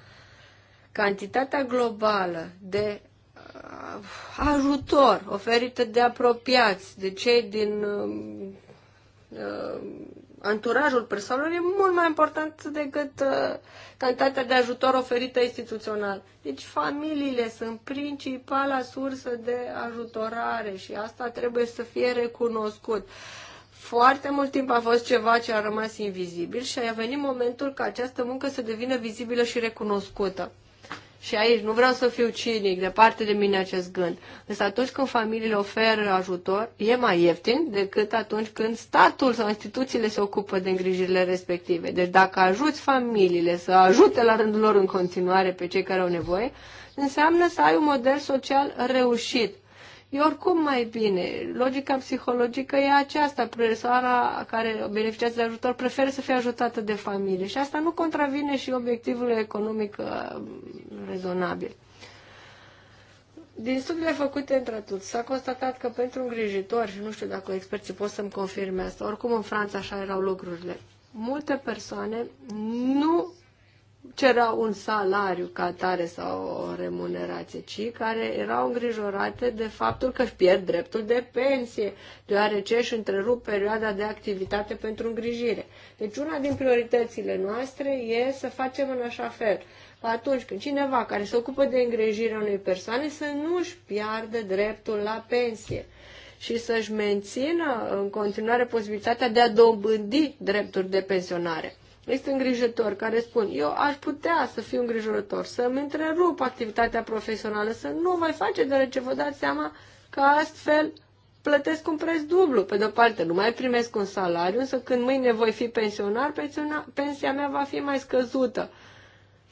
[SPEAKER 1] cantitatea globală de uh, ajutor oferită de apropiați, de cei din uh, uh, anturajul persoanelor e mult mai important decât uh, cantitatea de ajutor oferită instituțional. Deci familiile sunt principala sursă de ajutorare și asta trebuie să fie recunoscut. Foarte mult timp a fost ceva ce a rămas invizibil și a venit momentul ca această muncă să devină vizibilă și recunoscută. Și aici nu vreau să fiu cinic, departe de mine acest gând. Însă atunci când familiile oferă ajutor, e mai ieftin decât atunci când statul sau instituțiile se ocupă de îngrijirile respective. Deci dacă ajuți familiile să ajute la rândul lor în continuare pe cei care au nevoie, înseamnă să ai un model social reușit E oricum mai bine. Logica psihologică e aceasta. Persoana care beneficiază de ajutor preferă să fie ajutată de familie și asta nu contravine și obiectivul economic uh, rezonabil. Din studiile făcute între tratut s-a constatat că pentru îngrijitori, și nu știu dacă experții pot să-mi confirme asta, oricum în Franța așa erau lucrurile, multe persoane nu cerea un salariu ca tare sau o remunerație, ci care erau îngrijorate de faptul că își pierd dreptul de pensie, deoarece își întrerup perioada de activitate pentru îngrijire. Deci una din prioritățile noastre e să facem în așa fel atunci când cineva care se ocupă de îngrijirea unei persoane să nu își piardă dreptul la pensie și să-și mențină în continuare posibilitatea de a dobândi drepturi de pensionare un îngrijători care spun, eu aș putea să fiu îngrijorător, să-mi întrerup activitatea profesională, să nu mai face, deoarece vă dați seama că astfel plătesc un preț dublu. Pe de-o parte, nu mai primesc un salariu, însă când mâine voi fi pensionar, pensia mea va fi mai scăzută.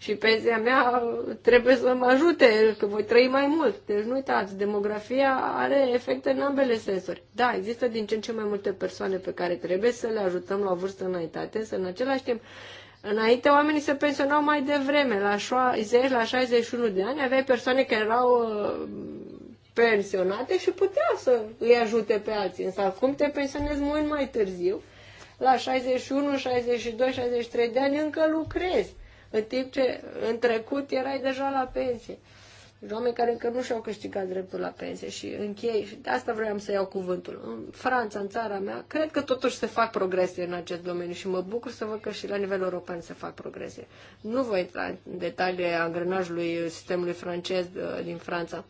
[SPEAKER 1] Și pensia mea trebuie să mă ajute, că voi trăi mai mult. Deci nu uitați, demografia are efecte în ambele sensuri. Da, există din ce în ce mai multe persoane pe care trebuie să le ajutăm la vârstă înaintate, să în același timp, înainte oamenii se pensionau mai devreme, la 60, la 61 de ani, aveai persoane care erau uh, pensionate și puteau să îi ajute pe alții. Însă acum te pensionezi mult mai târziu, la 61, 62, 63 de ani încă lucrezi în timp ce în trecut erai deja la pensie. Deci oameni care încă nu și-au câștigat dreptul la pensie și închei, și de asta vreau să iau cuvântul. În Franța, în țara mea, cred că totuși se fac progrese în acest domeniu și mă bucur să văd că și la nivel european se fac progrese. Nu voi intra în detalii angrenajului sistemului francez uh, din Franța.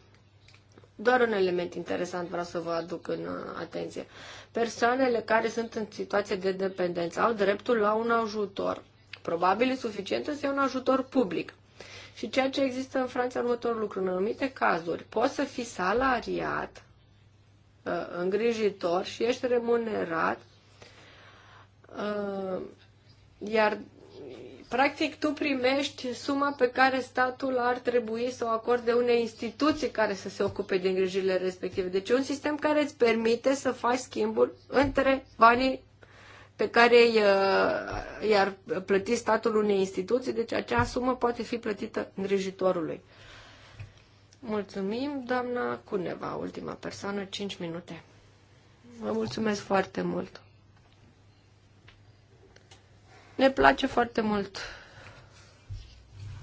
[SPEAKER 1] Doar un element interesant vreau să vă aduc în uh, atenție. Persoanele care sunt în situație de dependență au dreptul la un ajutor probabil suficient, însă un ajutor public. Și ceea ce există în Franța următor lucru, în anumite cazuri, poți să fii salariat, uh, îngrijitor și ești remunerat, uh, iar practic tu primești suma pe care statul ar trebui să o acorde unei instituții care să se ocupe de îngrijirile respective. Deci e un sistem care îți permite să faci schimbul între banii pe care uh, i-ar plăti statul unei instituții, deci acea sumă poate fi plătită îngrijitorului. Mulțumim, doamna Cuneva, ultima persoană, 5 minute. Vă mulțumesc foarte mult. Ne place foarte mult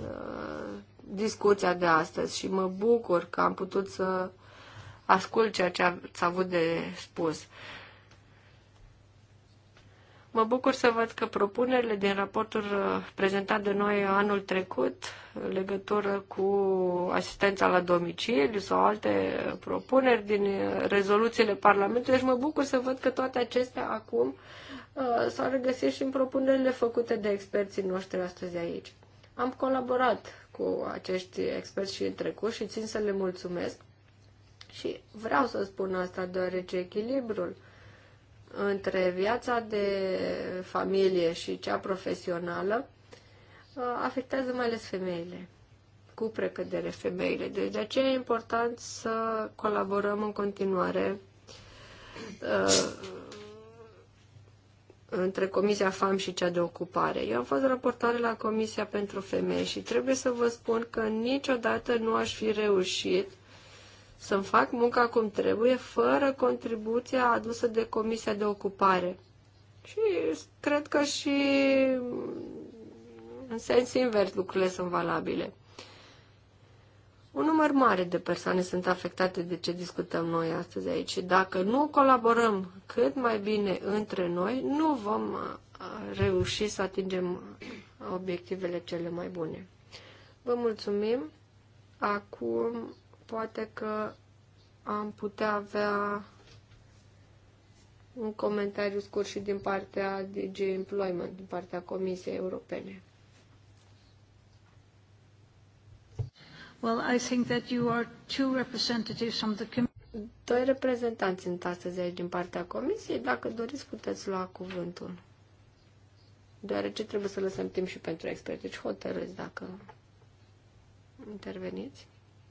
[SPEAKER 1] uh, discuția de astăzi și mă bucur că am putut să ascult ceea ce ați avut de spus. Mă bucur să văd că propunerile din raportul uh, prezentat de noi anul trecut, legătură cu asistența la domiciliu sau alte propuneri din uh, rezoluțiile Parlamentului, deci mă bucur să văd că toate acestea acum uh, s-au regăsit și în propunerile făcute de experții noștri astăzi aici. Am colaborat cu acești experți și în trecut și țin să le mulțumesc și vreau să spun asta deoarece echilibrul uh, între viața de familie și cea profesională uh, afectează mai ales femeile, cu precădere femeile. Deci de aceea e important să colaborăm în continuare uh, între Comisia FAM și cea de ocupare. Eu am fost raportare la Comisia pentru Femei și trebuie să vă spun că niciodată nu aș fi reușit să-mi fac munca cum trebuie, fără contribuția adusă de Comisia de Ocupare. Și cred că și mm, în sens invers lucrurile sunt valabile. Un număr mare de persoane sunt afectate de ce discutăm noi astăzi aici. Dacă nu colaborăm cât mai bine între noi, nu vom uh, reuși să atingem uh, obiectivele cele mai bune. Vă mulțumim. Acum poate că am putea avea un comentariu scurt și din partea DG Employment, din partea Comisiei Europene. Well, I think that you are two representatives from the Doi reprezentanți sunt astăzi aici din partea Comisiei. Dacă doriți, puteți lua cuvântul. Deoarece trebuie să lăsăm timp și pentru experți. Deci hotărâți dacă
[SPEAKER 2] interveniți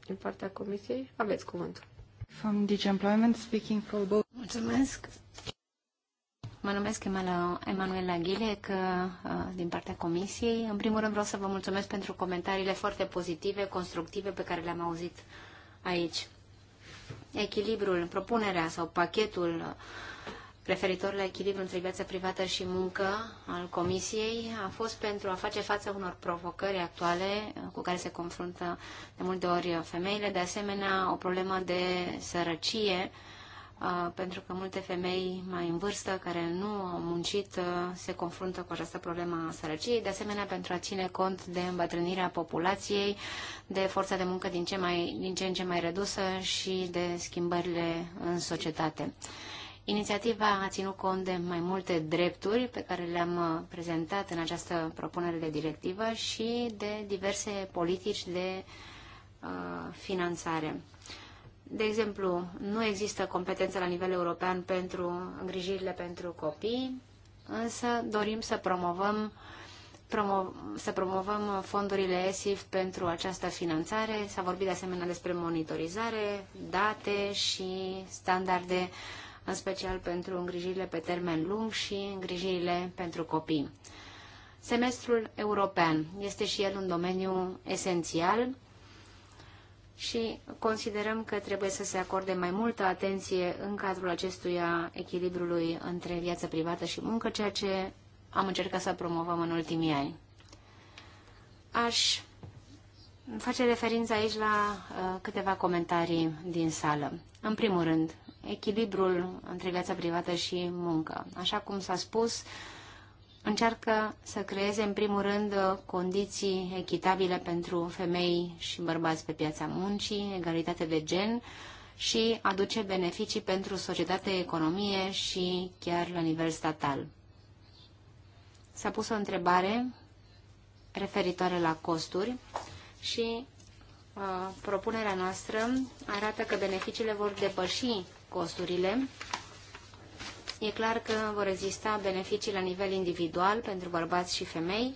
[SPEAKER 2] din partea Comisiei. Aveți cuvântul.
[SPEAKER 1] From DG Employment, speaking for
[SPEAKER 2] both. Mulțumesc. Mă numesc Emanuela Ghilec din partea Comisiei. În primul rând vreau să vă mulțumesc pentru comentariile foarte pozitive, constructive pe care le-am auzit aici. Echilibrul, propunerea sau pachetul uh, referitor la echilibru între viața privată și muncă al Comisiei a fost pentru a face față unor provocări actuale cu care se confruntă de multe ori femeile, de asemenea o problemă de sărăcie, pentru că multe femei mai în vârstă care nu au muncit se confruntă cu această problemă a sărăciei, de asemenea pentru a ține cont de îmbătrânirea populației, de forța de muncă din ce, mai, din ce în ce mai redusă și de schimbările în societate. Inițiativa a ținut cont de mai multe drepturi pe care le-am uh, prezentat în această propunere de directivă și de diverse politici de uh, finanțare. De exemplu, nu există competență la nivel european pentru îngrijirile pentru copii, însă dorim să promovăm promo să promovăm fondurile ESIF pentru această finanțare. S-a vorbit de asemenea despre monitorizare, date și standarde uh, în special pentru îngrijirile pe termen lung și îngrijirile pentru copii. Semestrul european este și el un domeniu esențial și considerăm că trebuie să se acorde mai multă atenție în cadrul acestuia echilibrului între viața privată și muncă, ceea ce am încercat să promovăm în ultimii ani. Aș face referință aici la uh, câteva comentarii din sală. În primul rând, echilibrul între viața privată și muncă. Așa cum s-a spus, încearcă să creeze, în primul rând, condiții echitabile pentru femei și bărbați pe piața muncii, egalitate de gen și aduce beneficii pentru societate, economie și chiar la nivel statal. S-a pus o întrebare referitoare la costuri și uh, propunerea noastră arată că beneficiile vor depăși costurile. E clar că vor exista beneficii la nivel individual pentru bărbați și femei,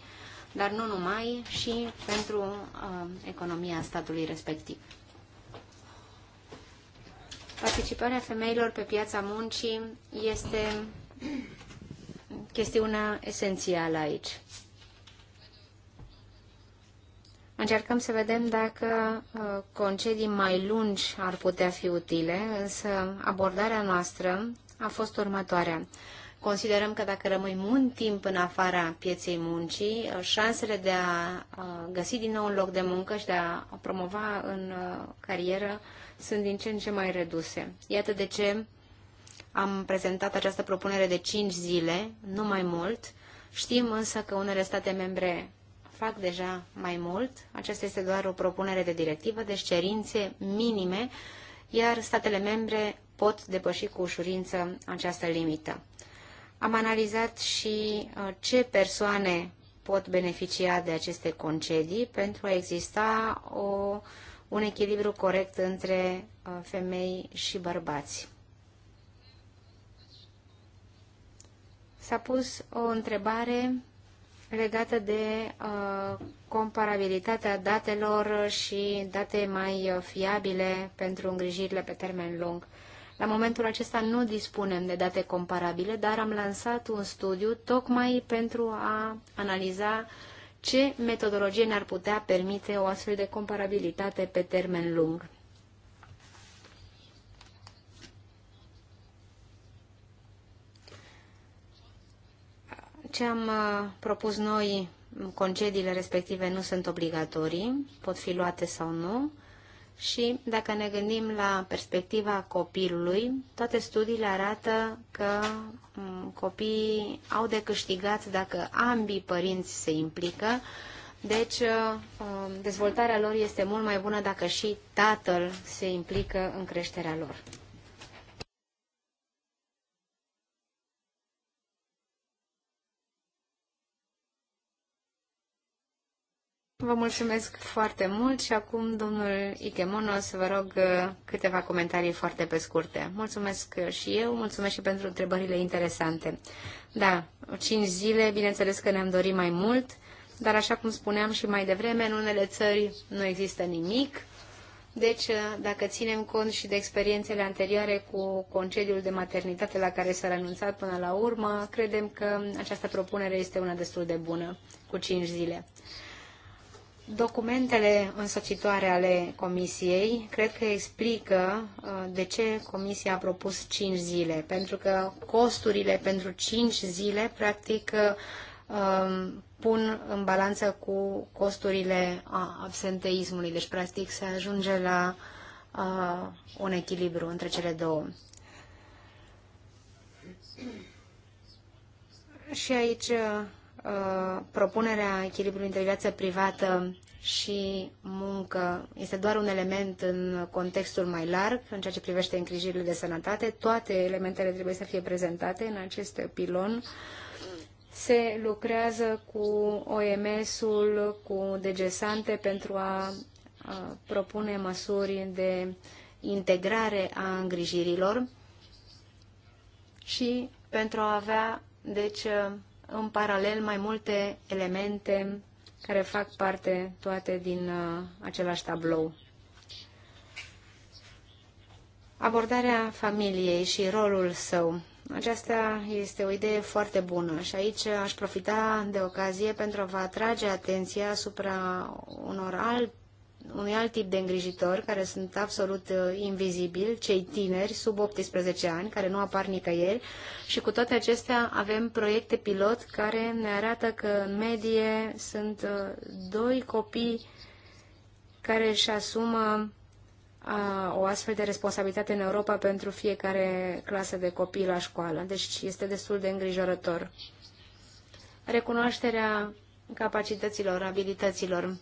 [SPEAKER 2] dar nu numai, și pentru uh, economia statului respectiv. Participarea femeilor pe piața muncii este chestiunea esențială aici. Încercăm să vedem dacă uh, concedii mai lungi ar putea fi utile, însă abordarea noastră a fost următoarea. Considerăm că dacă rămâi mult timp în afara pieței muncii, uh, șansele de a uh, găsi din nou un loc de muncă și de a promova în carieră sunt din ce în ce mai reduse. Iată de ce am prezentat această propunere de 5 zile, nu mai mult. Știm însă că unele state membre fac deja mai mult. Aceasta este doar o propunere de directivă, deci cerințe minime, iar statele membre pot depăși cu ușurință această limită. Am analizat și uh, ce persoane pot beneficia de aceste concedii pentru a exista o, un echilibru corect între uh, femei și bărbați. S-a pus o întrebare legată de uh, comparabilitatea datelor și date mai uh, fiabile pentru îngrijirile pe termen lung. La momentul acesta nu dispunem de date comparabile, dar am lansat un studiu tocmai pentru a analiza ce metodologie ne-ar putea permite o astfel de comparabilitate pe termen lung. ce am uh, propus noi, concediile respective nu sunt obligatorii, pot fi luate sau nu, și dacă ne gândim la perspectiva copilului, toate studiile arată că mm, copiii au de câștigat dacă ambii părinți se implică, deci uh, um, dezvoltarea lor este mult mai bună dacă și tatăl se implică în creșterea lor. Vă mulțumesc foarte mult și acum, domnul Ikemono, să vă rog uh, câteva comentarii foarte pe scurte. Mulțumesc și eu, mulțumesc și pentru întrebările interesante. Da, cinci zile, bineînțeles că ne-am dorit mai mult, dar așa cum spuneam și mai devreme, în unele țări nu există nimic. Deci, uh, dacă ținem cont și de experiențele anterioare cu concediul de maternitate la care s-a renunțat până la urmă, credem că această propunere este una destul de bună, cu cinci zile. Documentele însoțitoare ale Comisiei cred că explică uh, de ce Comisia a propus 5 zile, pentru că costurile pentru 5 zile, practic, uh, um, pun în balanță cu costurile absenteismului, deci, practic, se ajunge la uh, un echilibru între cele două. Și aici Uh, propunerea echilibrului între viață privată și muncă este doar un element în contextul mai larg, în ceea ce privește îngrijirile de sănătate. Toate elementele trebuie să fie prezentate în acest pilon. Se lucrează cu OMS-ul, cu degesante pentru a propune măsuri de integrare a îngrijirilor și pentru a avea, deci, în paralel mai multe elemente care fac parte toate din uh, același tablou. Abordarea familiei și rolul său. Aceasta este o idee foarte bună și aici aș profita de ocazie pentru a vă atrage atenția asupra unor alt, unui alt tip de îngrijitori care sunt absolut uh, invizibili, cei tineri sub 18 ani, care nu apar nicăieri și cu toate acestea avem proiecte pilot care ne arată că în medie sunt uh, doi copii care își asumă uh, o astfel de responsabilitate în Europa pentru fiecare clasă de copii la școală. Deci este destul de îngrijorător. Recunoașterea capacităților, abilităților.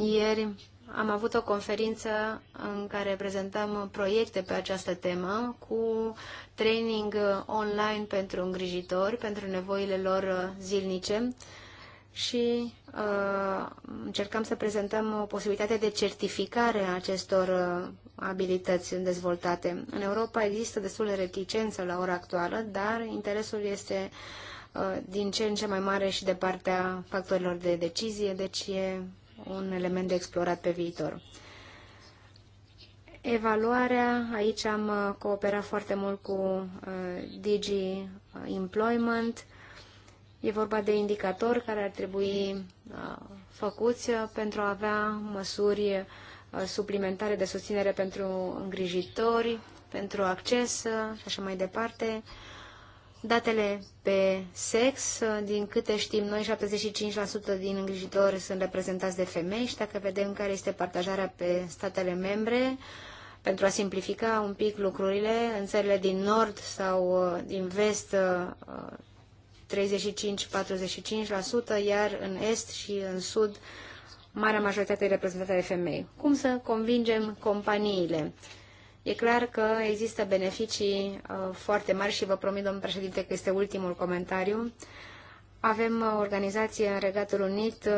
[SPEAKER 2] Ieri am avut o conferință în care prezentăm proiecte pe această temă cu training online pentru îngrijitori, pentru nevoile lor zilnice și uh, încercăm să prezentăm o posibilitate de certificare a acestor uh, abilități dezvoltate. În Europa există destul de reticență la ora actuală, dar interesul este uh, din ce în ce mai mare și de partea factorilor de decizie, deci e un element de explorat pe viitor. Evaluarea, aici am uh, cooperat foarte mult cu uh, Digi uh, Employment. E vorba de indicatori care ar trebui făcuți pentru a avea măsuri suplimentare de susținere pentru îngrijitori, pentru acces și așa mai departe. Datele pe sex, din câte știm noi, 75% din îngrijitori sunt reprezentați de femei și dacă vedem care este partajarea pe statele membre, pentru a simplifica un pic lucrurile, în țările din nord sau uh, din vest 35-45%, uh, iar în est și în sud marea majoritate reprezentată de femei. Cum să convingem companiile? E clar că există beneficii uh, foarte mari și vă promit, domnul președinte, că este ultimul comentariu. Avem o uh, organizație în Regatul Unit, uh,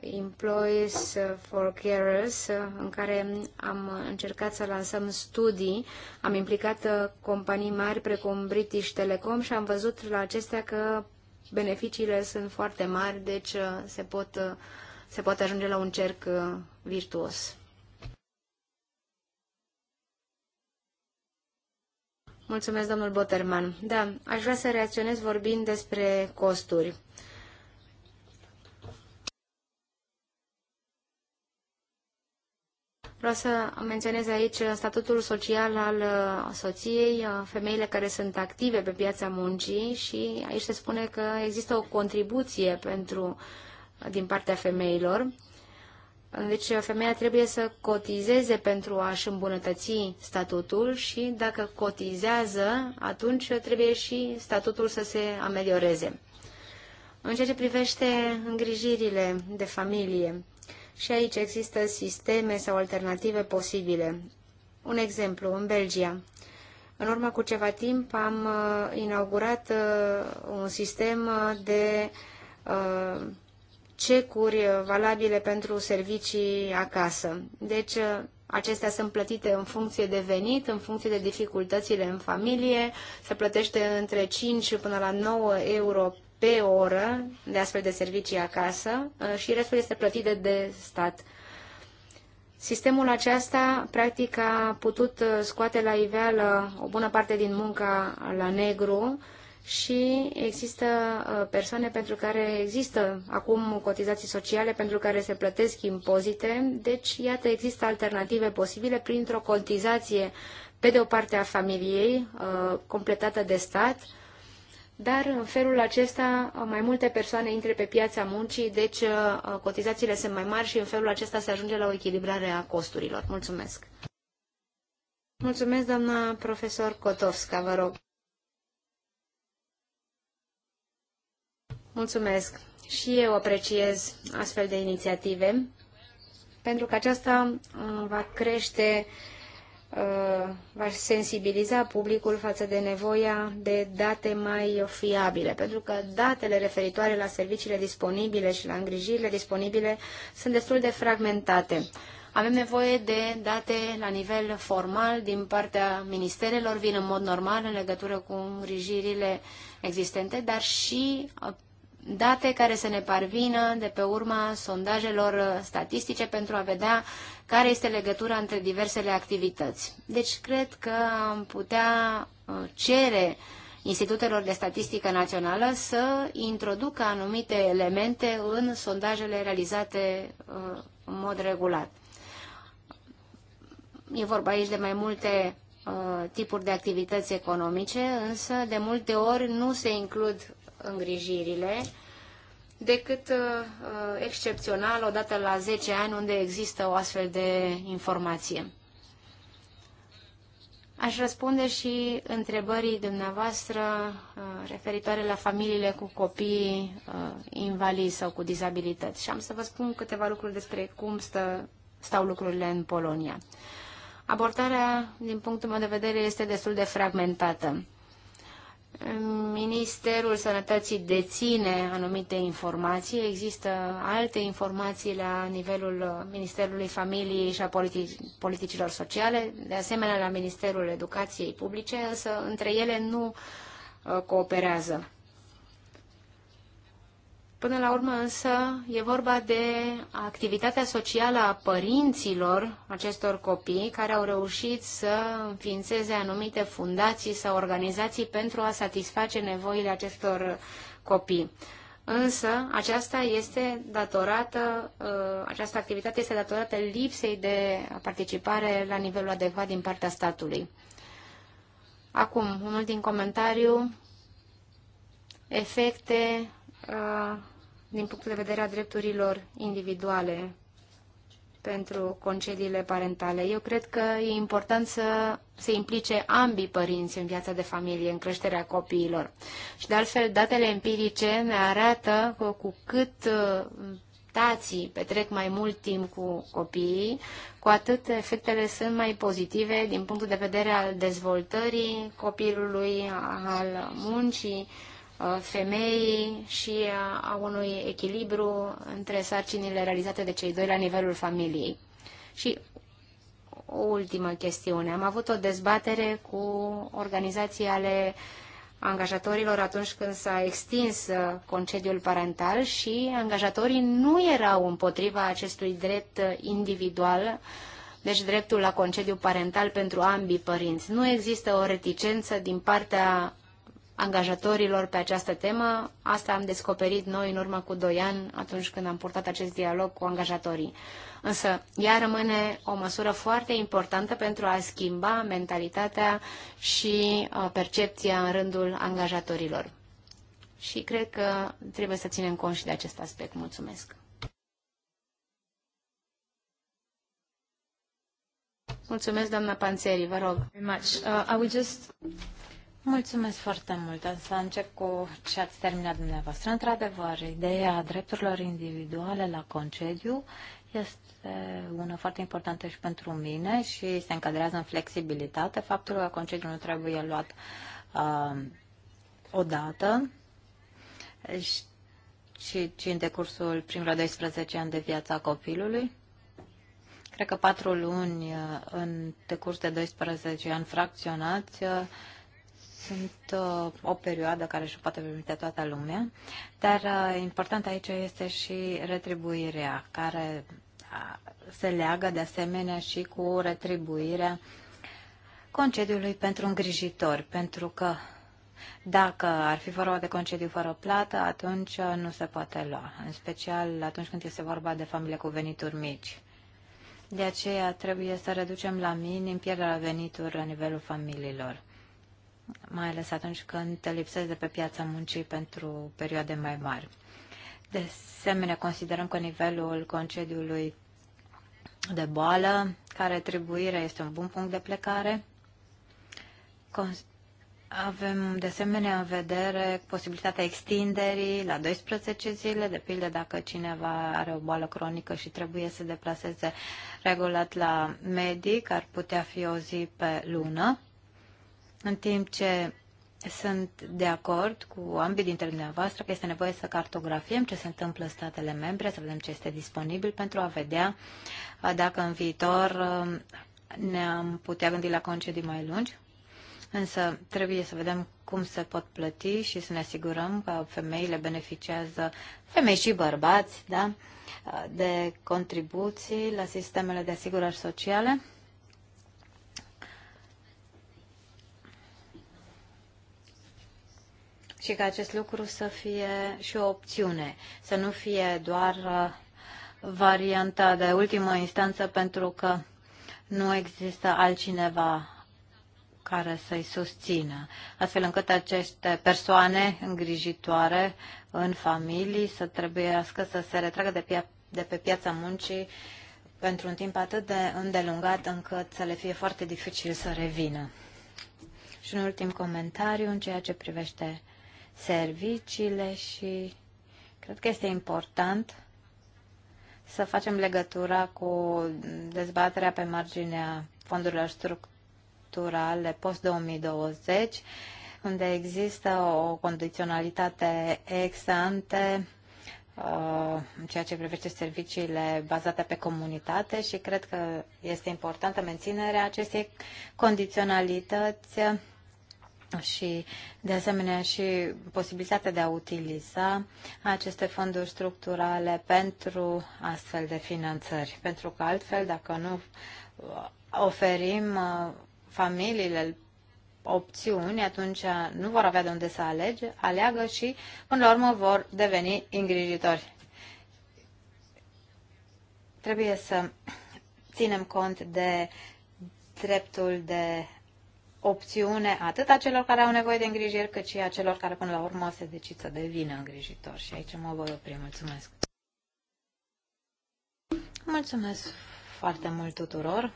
[SPEAKER 2] Employees for Carers, în care am încercat să lansăm studii. Am implicat companii mari precum British Telecom și am văzut la acestea că beneficiile sunt foarte mari, deci se, pot, se poate ajunge la un cerc virtuos. Mulțumesc, domnul Boterman. Da, aș vrea să reacționez vorbind despre costuri. Vreau să menționez aici statutul social al uh, soției, uh, femeile care sunt active pe piața muncii și aici se spune că există o contribuție pentru uh, din partea femeilor deci femeia trebuie să cotizeze pentru a-și îmbunătăți statutul și dacă cotizează, atunci trebuie și statutul să se amelioreze. În ceea ce privește îngrijirile de familie, și aici există sisteme sau alternative posibile. Un exemplu, în Belgia. În urmă cu ceva timp am uh, inaugurat uh, un sistem uh, de cecuri uh, valabile pentru servicii acasă. Deci, uh, acestea sunt plătite în funcție de venit, în funcție de dificultățile în familie, se plătește între 5 până la 9 euro pe oră de astfel de servicii acasă uh, și restul este plătit de, de stat. Sistemul acesta, practic, a putut scoate la iveală o bună parte din munca la negru, și există uh, persoane pentru care există acum cotizații sociale pentru care se plătesc impozite. Deci, iată, există alternative posibile printr-o cotizație pe de o parte a familiei, uh, completată de stat, dar în felul acesta uh, mai multe persoane intre pe piața muncii, deci cotizațiile sunt mai mari și în felul acesta se ajunge la o echilibrare a costurilor. Mulțumesc! Mulțumesc, doamna profesor Kotovska, vă rog. Mulțumesc. Și eu apreciez astfel de inițiative, pentru că aceasta uh, va crește, uh, va sensibiliza publicul față de nevoia de date mai fiabile, pentru că datele referitoare la serviciile disponibile și la îngrijirile disponibile sunt destul de fragmentate. Avem nevoie de date la nivel formal din partea ministerelor, vin în mod normal în legătură cu îngrijirile existente, dar și uh, date care să ne parvină de pe urma sondajelor statistice pentru a vedea care este legătura între diversele activități. Deci cred că am putea uh, cere Institutelor de Statistică Națională să introducă anumite elemente în sondajele realizate uh, în mod regulat. E vorba aici de mai multe uh, tipuri de activități economice, însă de multe ori nu se includ îngrijirile, decât uh, uh, excepțional odată la 10 ani unde există o astfel de informație. Aș răspunde și întrebării dumneavoastră uh, referitoare la familiile cu copii uh, invalizi sau cu dizabilități și am să vă spun câteva lucruri despre cum stă, stau lucrurile în Polonia. Abortarea din punctul meu de vedere, este destul de fragmentată. Ministerul Sănătății deține anumite informații, există alte informații la nivelul Ministerului Familiei și a Politicilor Sociale, de asemenea la Ministerul Educației Publice, însă între ele nu uh, cooperează. Până la urmă însă e vorba de activitatea socială a părinților acestor copii care au reușit să înființeze anumite fundații sau organizații pentru a satisface nevoile acestor copii. Însă aceasta este datorată, ă, această activitate este datorată lipsei de participare la nivelul adecvat din partea statului. Acum, unul din comentariu, efecte din punct de vedere a drepturilor individuale pentru concediile parentale. Eu cred că e important să se implice ambii părinți în viața de familie, în creșterea copiilor. Și de altfel, datele empirice ne arată că cu cât tații petrec mai mult timp cu copiii, cu atât efectele sunt mai pozitive din punctul de vedere al dezvoltării copilului, al muncii, Uh, femeii și a, unui echilibru între sarcinile realizate de cei doi la nivelul familiei. Și o ultimă chestiune. Am avut o dezbatere cu organizații ale angajatorilor atunci când s-a extins uh, concediul parental și angajatorii nu erau împotriva acestui drept individual, deci dreptul la concediu parental pentru ambii părinți. Nu există o reticență din partea angajatorilor pe această temă. Asta am descoperit noi în urmă cu doi ani, atunci când am purtat acest dialog cu angajatorii. Însă, ea rămâne o măsură foarte importantă pentru a schimba mentalitatea și uh, percepția în rândul angajatorilor. Și cred că trebuie să ținem cont și de acest aspect. Mulțumesc! Mulțumesc, doamna Panțeri, vă rog. Much. Uh, I would just...
[SPEAKER 3] Mulțumesc foarte mult. O să încep cu ce ați terminat dumneavoastră. Într-adevăr, ideea drepturilor individuale la concediu este una foarte importantă și pentru mine și se încadrează în flexibilitate. Faptul că concediul nu trebuie luat uh, odată și, ci în decursul primilor 12 ani de viața copilului. Cred că patru luni uh, în decurs de 12 ani fracționați uh, sunt uh, o perioadă care și poate permite toată lumea, dar uh, important aici este și retribuirea, care se leagă de asemenea și cu retribuirea concediului pentru îngrijitori, pentru că dacă ar fi vorba de concediu fără plată, atunci uh, nu se poate lua, în special atunci când este vorba de familie cu venituri mici. De aceea trebuie să reducem la minim pierderea venituri la nivelul familiilor mai ales atunci când te lipsezi de pe piața muncii pentru perioade mai mari. De asemenea, considerăm că nivelul concediului de boală, care atribuirea este un bun punct de plecare. Avem de asemenea în vedere posibilitatea extinderii la 12 zile, de pildă dacă cineva are o boală cronică și trebuie să deplaseze regulat la medic, ar putea fi o zi pe lună în timp ce sunt de acord cu ambii dintre dumneavoastră că este nevoie să cartografiem ce se întâmplă în statele membre, să vedem ce este disponibil pentru a vedea uh, dacă în viitor uh, ne-am putea gândi la concedii mai lungi. Însă trebuie să vedem cum se pot plăti și să ne asigurăm că femeile beneficiază, femei și bărbați, da, uh, de contribuții la sistemele de asigurări sociale. și ca acest lucru să fie și o opțiune, să nu fie doar uh, varianta de ultimă instanță pentru că nu există altcineva care să-i susțină, astfel încât aceste persoane îngrijitoare în familii să trebuiască să se retragă de, pia- de pe piața muncii pentru un timp atât de îndelungat încât să le fie foarte dificil să revină. Și un ultim comentariu în ceea ce privește serviciile și cred că este important să facem legătura cu dezbaterea pe marginea fondurilor structurale post-2020, unde există o condiționalitate ex ante uh, în ceea ce privește serviciile bazate pe comunitate și cred că este importantă menținerea acestei condiționalități și, de asemenea, și posibilitatea de a utiliza aceste fonduri structurale pentru astfel de finanțări. Pentru că altfel, dacă nu uh, oferim uh, familiile opțiuni, atunci uh, nu vor avea de unde să alege, aleagă și, până la urmă, vor deveni îngrijitori. Trebuie să ținem cont de dreptul de opțiune atât a celor care au nevoie de îngrijiri, cât și a celor care până la urmă se decid să devină îngrijitori. Și aici mă voi opri. Mulțumesc! Mulțumesc foarte mult tuturor!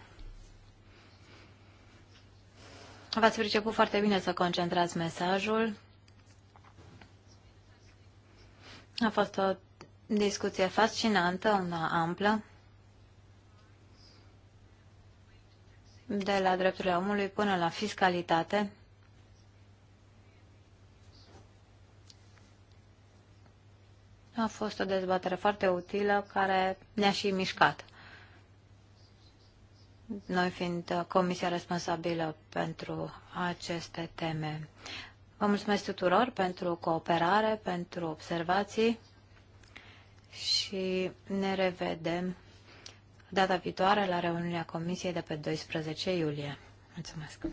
[SPEAKER 3] V-ați priceput foarte bine să concentrați mesajul. A fost o discuție fascinantă, una amplă. de la drepturile omului până la fiscalitate, a fost o dezbatere foarte utilă care ne-a și mișcat. Noi fiind comisia responsabilă pentru aceste teme. Vă mulțumesc tuturor pentru cooperare, pentru observații și ne revedem data viitoare la reuniunea Comisiei de pe 12 iulie. Mulțumesc!